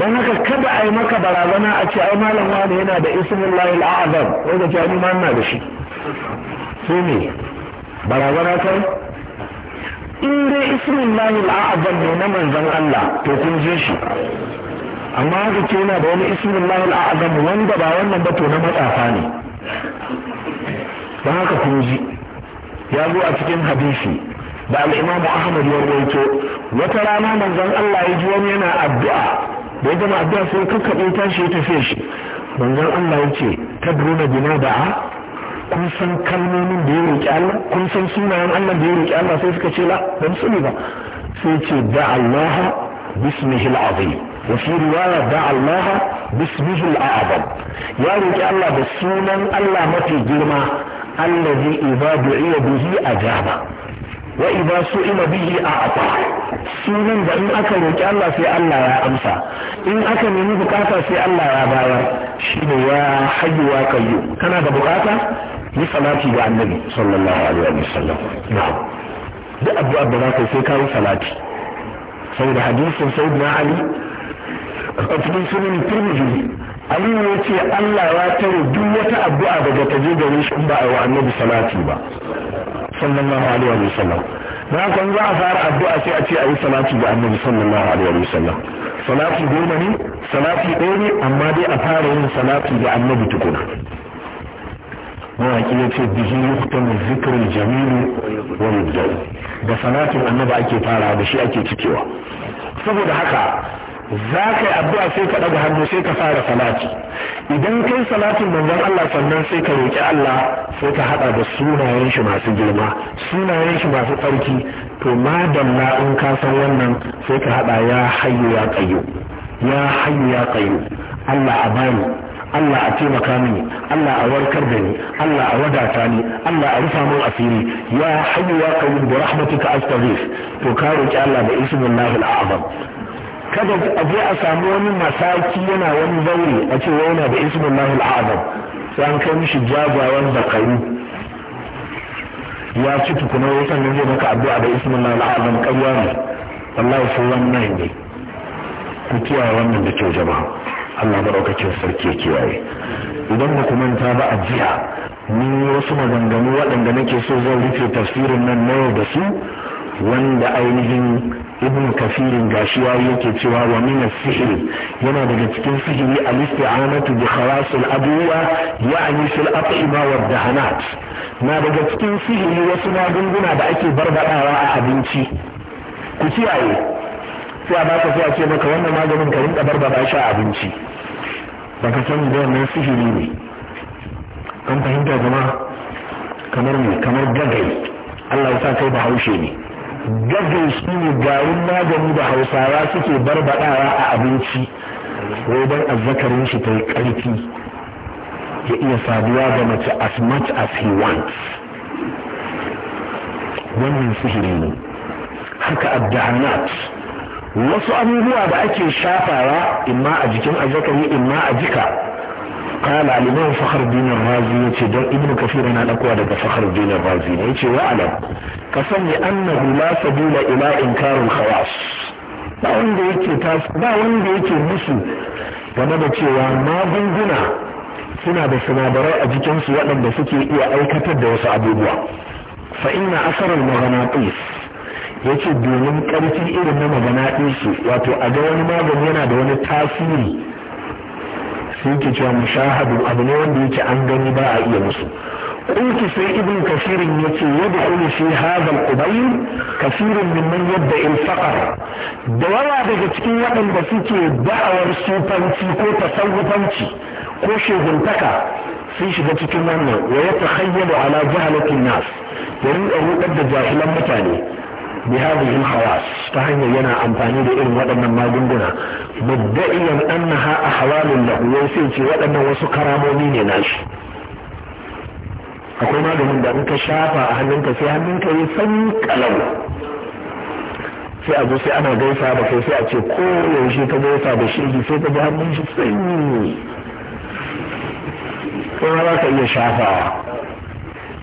don haka kada a yi maka barazana a ce ai malam wani yana da ismullahi al'azam wai da jami ma na da shi sai me barazana kai in dai ismullahi al'azam ne na manzon Allah to kun je shi amma haka ce yana da wani ismin lahul a'azam wanda ba wannan ba to na matsafa ne ba haka kun ji ya zo a cikin hadisi da al'imamu ahmad ya rawaito wata rana manzon allah ya ji wani yana addu'a da ya gama addu'a sai kakkaɓe tashi ya tafiye shi manzon allah ya ce tadruna bina da'a kun san kalmomin da ya roƙi allah kun san sunayen allah da ya roƙi allah sai suka ce la ban sani ba sai ce da allaha bismihil azim wasu riwaya da Allah bismihi al'azam ya roki Allah da sunan Allah mafi girma allazi idza du'iya bihi ajaba wa idza su'ima bihi a'ta sunan da in aka roki Allah sai Allah ya amsa in aka nemi bukata sai Allah ya bayar shine ya hayyu wa kana da bukata yi salati ga annabi sallallahu alaihi wa sallam duk addu'ar da za ka yi sai ka yi salati saboda hadisin sayyidina ali a cikin sunan turmiji aliyu ya ce allah ya tare duk wata addu'a daga ta je gare shi ba a yi wa annabi salati ba sallallahu alaihi wa sallam na kan za a fara addu'a sai a ce a yi salati ga annabi sallallahu alaihi wa sallam salati goma ne salati ɗaya ne amma dai a fara yin salati ga annabi tukuna mawaƙi ya ce bihi yuktamu zikirin jamilu wa yubdau da salatin annabi ake fara da shi ake cikewa saboda haka za ka yi addu'a sai ka ɗaga hannu sai ka fara salati idan kai salatin manzon Allah sannan sai ka roƙi Allah sai ka haɗa da sunayen shi masu girma sunayen shi masu tsarki to na in ka san wannan sai ka haɗa ya hayyu ya qayyu ya hayyu ya qayyu Allah a bani Allah a taimaka mini Allah a warkar da ni Allah a wadata ni Allah a rufa min asiri ya hayyu ya qayyum bi rahmatika astaghith to ka roƙi Allah da ismullahil a'zam kada a je a samu wani masaki yana wani zaure a ce yana da ismullahul azam sai an kai mishi jajayen zakaru ya ci tukuna wai sannan zai maka addu'a da ismullahul azam ƙarya ne wallahi sai wannan ne ku kiyaye wannan da kyau jama'a Allah barokacin sarki ya kiyaye idan ba ku manta ba a jiya ni wasu maganganu waɗanda nake so zan rufe tafsirin nan na yau da su wanda ainihin ibn kafirin gashi ya yake cewa wa min sihir yana daga cikin sihiri al-isti'anatu bi kharasil abuwa ya'ni fil at'ima wa dahanat na daga cikin sihiri wasu magunguna da ake barbadawa a abinci ku kiyaye sai a baka sai a ce maka wannan maganin ka rinka barbada shi a abinci baka sani da wannan sihiri ne an fahimta jama'a kamar me kamar gagai Allah ya sa kai bahaushe ne gaggai shi ne garin magani da hausawa suke barbaɗawa a abinci wai azzakarin shi ta yi ƙarfi ya iya saduwa ga mace as much as he wants wannan sihiri ne haka abdahanat wasu abubuwa da ake shafawa imma a jikin azzakari imma a jika kala liman fakhar dinin razi ya ce don ibn kafira na ɗakuwa daga fakhar dinin razi ne ya ce wa ka sani annahu la sabila ila inkarul khawas ba wanda ba wanda yake musu game da cewa magunguna suna da sinadarai a jikinsu waɗanda suke iya aikatar da wasu abubuwa fa inna asarar maghanatis yace domin ƙarfi irin na maghanatis wato a ga wani magani yana da wani tasiri sun ke cewa mushahadu abu ne wanda yake an gani ba a iya musu kuki sai ibn kasirin yake yadda kuma shi hazal kubayi kasirin min man yadda il faqar da yawa daga cikin waɗanda suke da'awar sufanci ko tasawufanci ko shehuntaka sun shiga cikin wannan wa ya ta hayyalu ala jahalatin nas da rin da jahilan mutane bi hadhihi al-khawas ta hanyar yana amfani da irin waɗannan magunguna mudda'iyan annaha ahwalun lahu wai sai ce waɗannan wasu karamomi ne nashi akwai maganin da in ka shafa a hannunka sai hannunka ya sanyi kalau sai a zo sai ana gaisa da kai sai a ce ko yaushe ka gaisa da shege sai shi sanyi za ka iya shafawa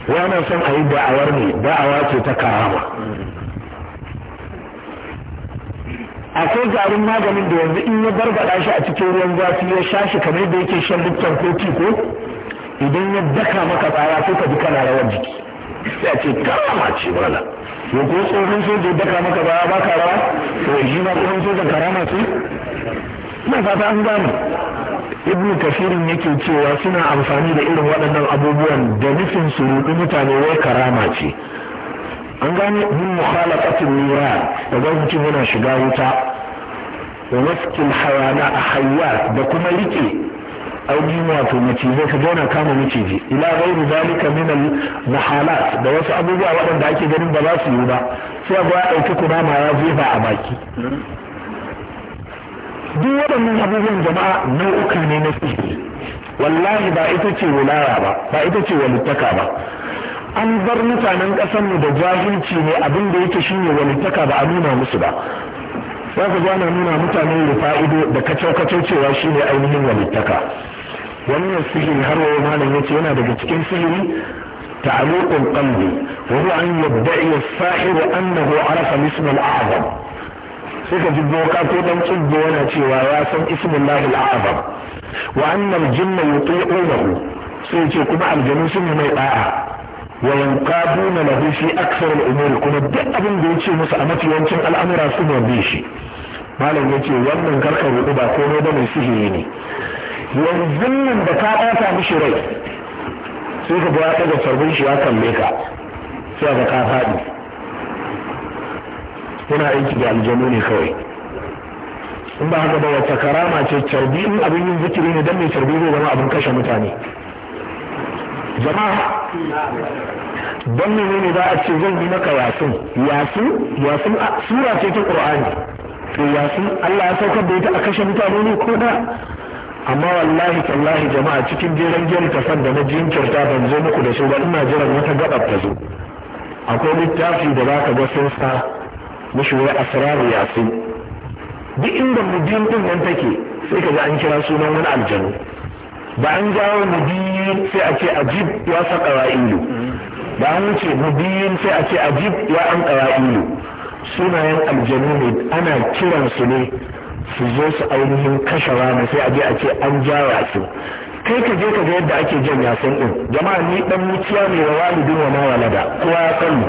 wannan son a yi da'awar ne da'awa ce ta karama akwai garin maganin da yanzu in ya barbaɗa shi a cikin ruwan zafi ya sha shi kamar da yake shan dukkan ko ko idan ya daka maka tsara ko ka ji kana rawar jiki sai a ce karama ce wala ya ko tsohon soja ya daka maka tsara ba ka rawa to shi ma tsohon soja karama ce ina fata an gane ibn kafirin yake cewa suna amfani da irin waɗannan abubuwan da nufin su mutane wai karama ce an gane min mukhalafatin niran da gwamnati yana shiga wuta wa wasqil hawana a hayyat da kuma rike ainihin wato macizai ka zauna kama maciji ila ghairu zalika min muhalat da wasu abubuwa waɗanda ake ganin ba za su yi ba sai ga ya ɗauki kunama ya jefa a baki duk waɗannan abubuwan jama'a nau'uka ne na sihiri wallahi ba ita ce wilaya ba ba ita ce walittaka ba an bar mutanen ƙasanmu da jahilci ne abin da yake shi ne walittaka ba a nuna musu ba za ku gwana nuna mutane da fa'idu da kacau-kacau cewa shi ne ainihin walittaka wannan sihiri har wani malam ya ce yana daga cikin sihiri ta alokon kalbi wani an yadda iya sa'iru an na ho a rasa mismal sai ka ji boka ko dan cibbo yana cewa ya san ismin lahil a'azam wa annal jinna yutai'unahu sai ce kuma aljanu sun yi mai da'a wa yanqaduna lahu fi aksar al-umur kuma duk abin da ce musu a mafiyancin al'amura su bi shi malam yace wannan karkar rubu ba komai da mai sihiri ne yanzu nan da ka ɓata mishi rai sai ka ga ya ɗaga shi ya kalle ka sai ka ka faɗi yana aiki da aljanu ne kawai in ba haka ba wata karama ce carbi in abin yin zikiri ne dan mai carbi zai zama abin kashe mutane jama'a don ne za a ce zan yi maka yasin yasin yasin sura ce ta qur'ani to yasin Allah ya saukar da ita a kashe mutane ne ko da amma wallahi tallahi jama'a cikin jeren giyar tafan da na jinkirta ban zo muku da su ba ina jiran wata gabar ta zo akwai littafi da za ka ga sun sa mishi wai asraru yasin duk inda mujin din nan take sai ka ga an kira sunan wani aljanu da an jawo mubiyin sai a ce ajib ya saka ra'ilu da an wuce mubiyin sai a ce ajib ya an ra'ilu sunayen aljanu ne ana kiransu ne su zo su ainihin kashe rana sai a je a ce an jawo su kai ka je ka ga yadda ake jan yasan din jama'a ni dan muciya ne wa walidin wa mawalada kowa ya sani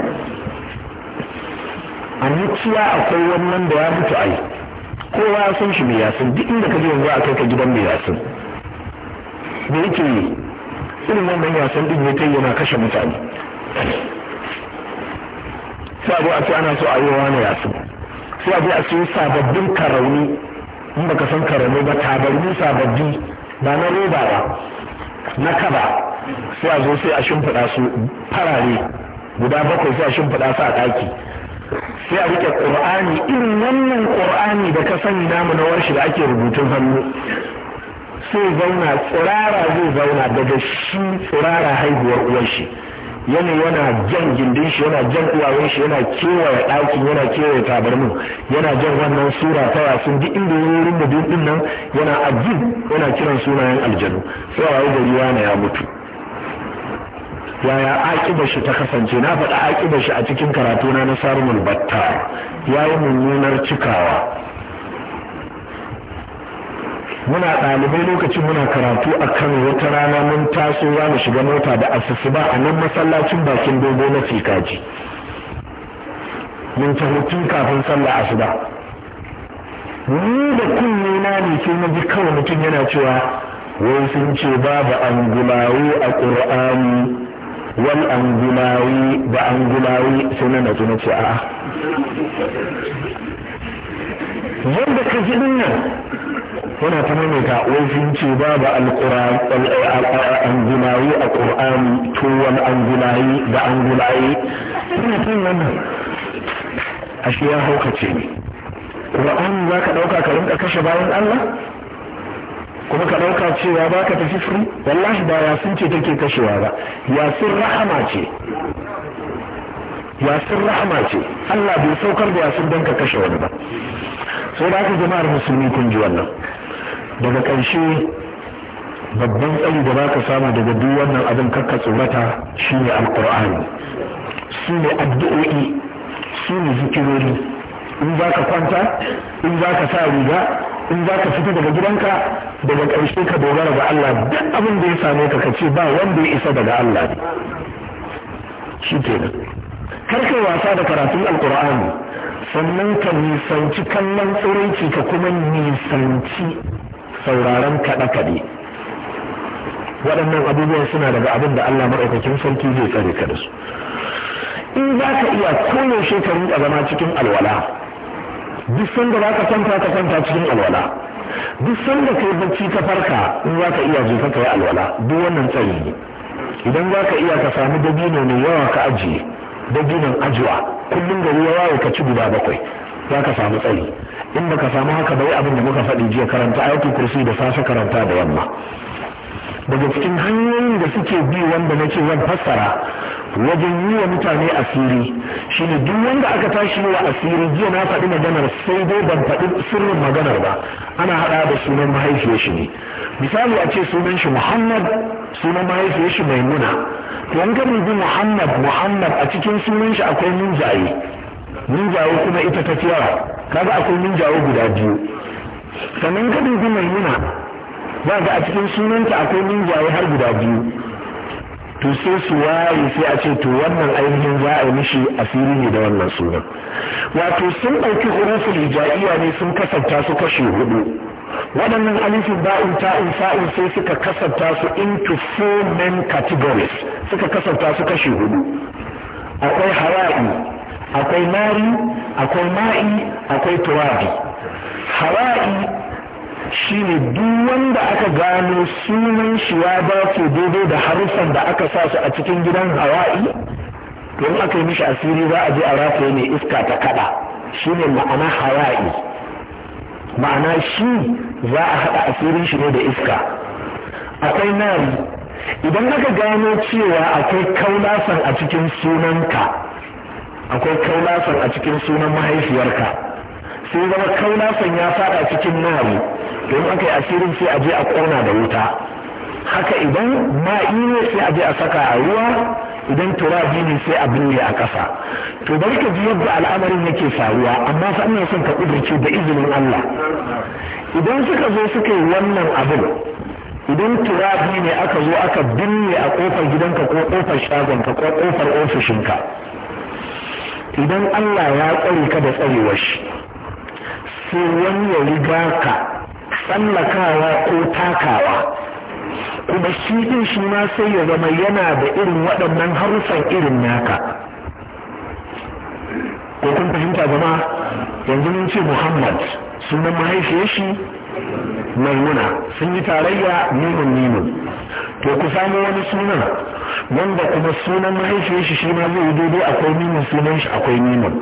a muciya akwai wannan da ya mutu ai kowa ya san shi mai yasin duk inda ka je yanzu a kai ka gidan mai yasin me yake yi irin wannan wasan din ya kai yana kashe mutane sai abu a ce ana so a yi wani yasu sai abu a ce sababbin karauni in baka san karauni ba tabarmi sababbi ba na roba ba na kaba sai a zo sai a shimfiɗa su farare guda bakwai sai a shimfiɗa su a ɗaki sai a rike ƙur'ani irin wannan ƙur'ani da ka sani namu na warshi da ake rubutun hannu sai zauna tsirara zai zauna daga shi tsirara haihuwar uwar shi yana yana jan gindin shi yana jan uwayen shi yana kewaye ɗakin yana kewaye tabarmu yana jan wannan sura ta yasin duk inda ya wurin da duk nan yana ajin yana kiran sunayen aljanu sai da gari ne ya mutu yaya aƙibar shi ta kasance na faɗa aƙibar shi a cikin karatuna na sarmul battar ya yi mummunar cikawa muna ɗalibai lokacin muna karatu a kano wata rana mun taso za mu shiga mota da asusu ba a nan masallacin bakin dogo na fikaji mun ta tun kafin sallah asuba ni da kunne na ne sai na ji kawai mutum yana cewa wai sun ce babu angulawi a ƙur'ani wal angulawi da angulawi sai na natsu na ce a'a yadda ka ji din nan yana ta maimaita wai wajen ce babu angulayi a ƙur'ani tuwon angulayi da angulayi suna ta wannan ashe ya haukace ne ƙur'ani za ka ɗauka ka rinka kashe bayan allah kuma ka ɗauka cewa ba ka tafi firi wallahi ba yasin ce take kashewa ba yasin rahama ce yasin rahama ce allah bai saukar da yasin don ka kashe wani ba sai da aka jama'ar musulmi kun ji wannan daga ƙarshe babban tsari da za ka samu daga duk wannan abin kakka tsorata shine alƙur'ani su ne addu'o'i su ne zikirori in za ka kwanta in za ka sa riga in za ka fita daga gidanka daga ƙarshe ka dogara ga Allah duk abin da ya same ka ka ce ba wanda ya isa daga Allah ne shi kenan karfe wasa da karatun alkur'ani sannan ka nisanci kallon tsoronci ka kuma nisanci sauraron kaɗe-kaɗe waɗannan abubuwan suna daga abin da allah maɗaukakin sarki zai tsare ka da su in za ka iya koyaushe shekarun a zama cikin alwala duk sanda za ka kwanta ka kwanta cikin alwala duk sanda ka yi bacci ka farka in za ka iya je ka yi alwala duk wannan tsari ne idan za ka iya ka sami dabino mai yawa ka ajiye dabinan ajiwa kullum gari ya waye ka ci guda bakwai za ka samu tsari in baka samu haka bai abin da muka faɗi jiya karanta ayatul kursi da safe karanta da yamma daga cikin hanyoyin da suke bi wanda nake zan fassara wajen yi wa mutane asiri shi ne duk wanda aka tashi wa asiri jiya na faɗi maganar sai dai ban faɗi sirrin maganar ba ana haɗa da sunan mahaifiyar shi ne misali a ce sunan shi muhammad sunan mahaifiyar shi maimuna to an ga bi muhammad muhammad a cikin sunan shi akwai minjaye minjaye kuma ita ta fiyawa kaga akwai minjaye guda biyu sannan ga bi maimuna za ga a cikin sunanta akwai minjaye har guda biyu to sai su waye sai a ce to wannan ainihin za a yi mishi asiri ne da wannan sunan wato sun ɗauki hurufin hijaiya ne sun kasanta su kashe hudu waɗannan alifin ba'in ta'in sa'in sai suka kasanta su into four main categories suka kasanta su kashe hudu akwai hawa'i akwai mari akwai ma'i akwai turabi hawa'i Shi ne duk wanda aka gano sunan shi ya su daidai da haruffan da aka sa su a cikin gidan hawa'i to in aka yi mishi asiri za a je a rataye mai iska ta kada ne ma'ana hawa'i ma'ana shi za a haɗa asirin shi ne da iska akwai nari idan aka gano cewa akwai kaulasan a cikin sunanka akwai kaulasan a cikin sunan mahaifiyarka sai zama kaulasan ya fada cikin nari domin aka yi asirin sai a je a kona da wuta haka idan ma'i ne sai aje a saka a ruwa idan turabi ne sai a binne a ƙasa to bari ka ji yadda al'amarin yake faruwa amma fa ina son ka kudurce da izinin Allah idan suka zo suka yi wannan abin idan turabi ne aka zo aka binne a kofar gidanka ko kofar shagonka ko kofar ofishinka idan Allah ya tsare ka da tsarewar shi sai wani ya riga ka tsallakawa ko takawa kuma shi ɗin shi ma sai ya zama yana da irin waɗannan harsan irin naka ko kun fahimta zama yanzu mun ce muhammad sunan mahaifiyar shi maimuna sun yi tarayya mimun mimun to ku samu wani sunan wanda kuma sunan mahaifiyar shi shi ma zai yi daidai akwai mimun sunan shi akwai mimun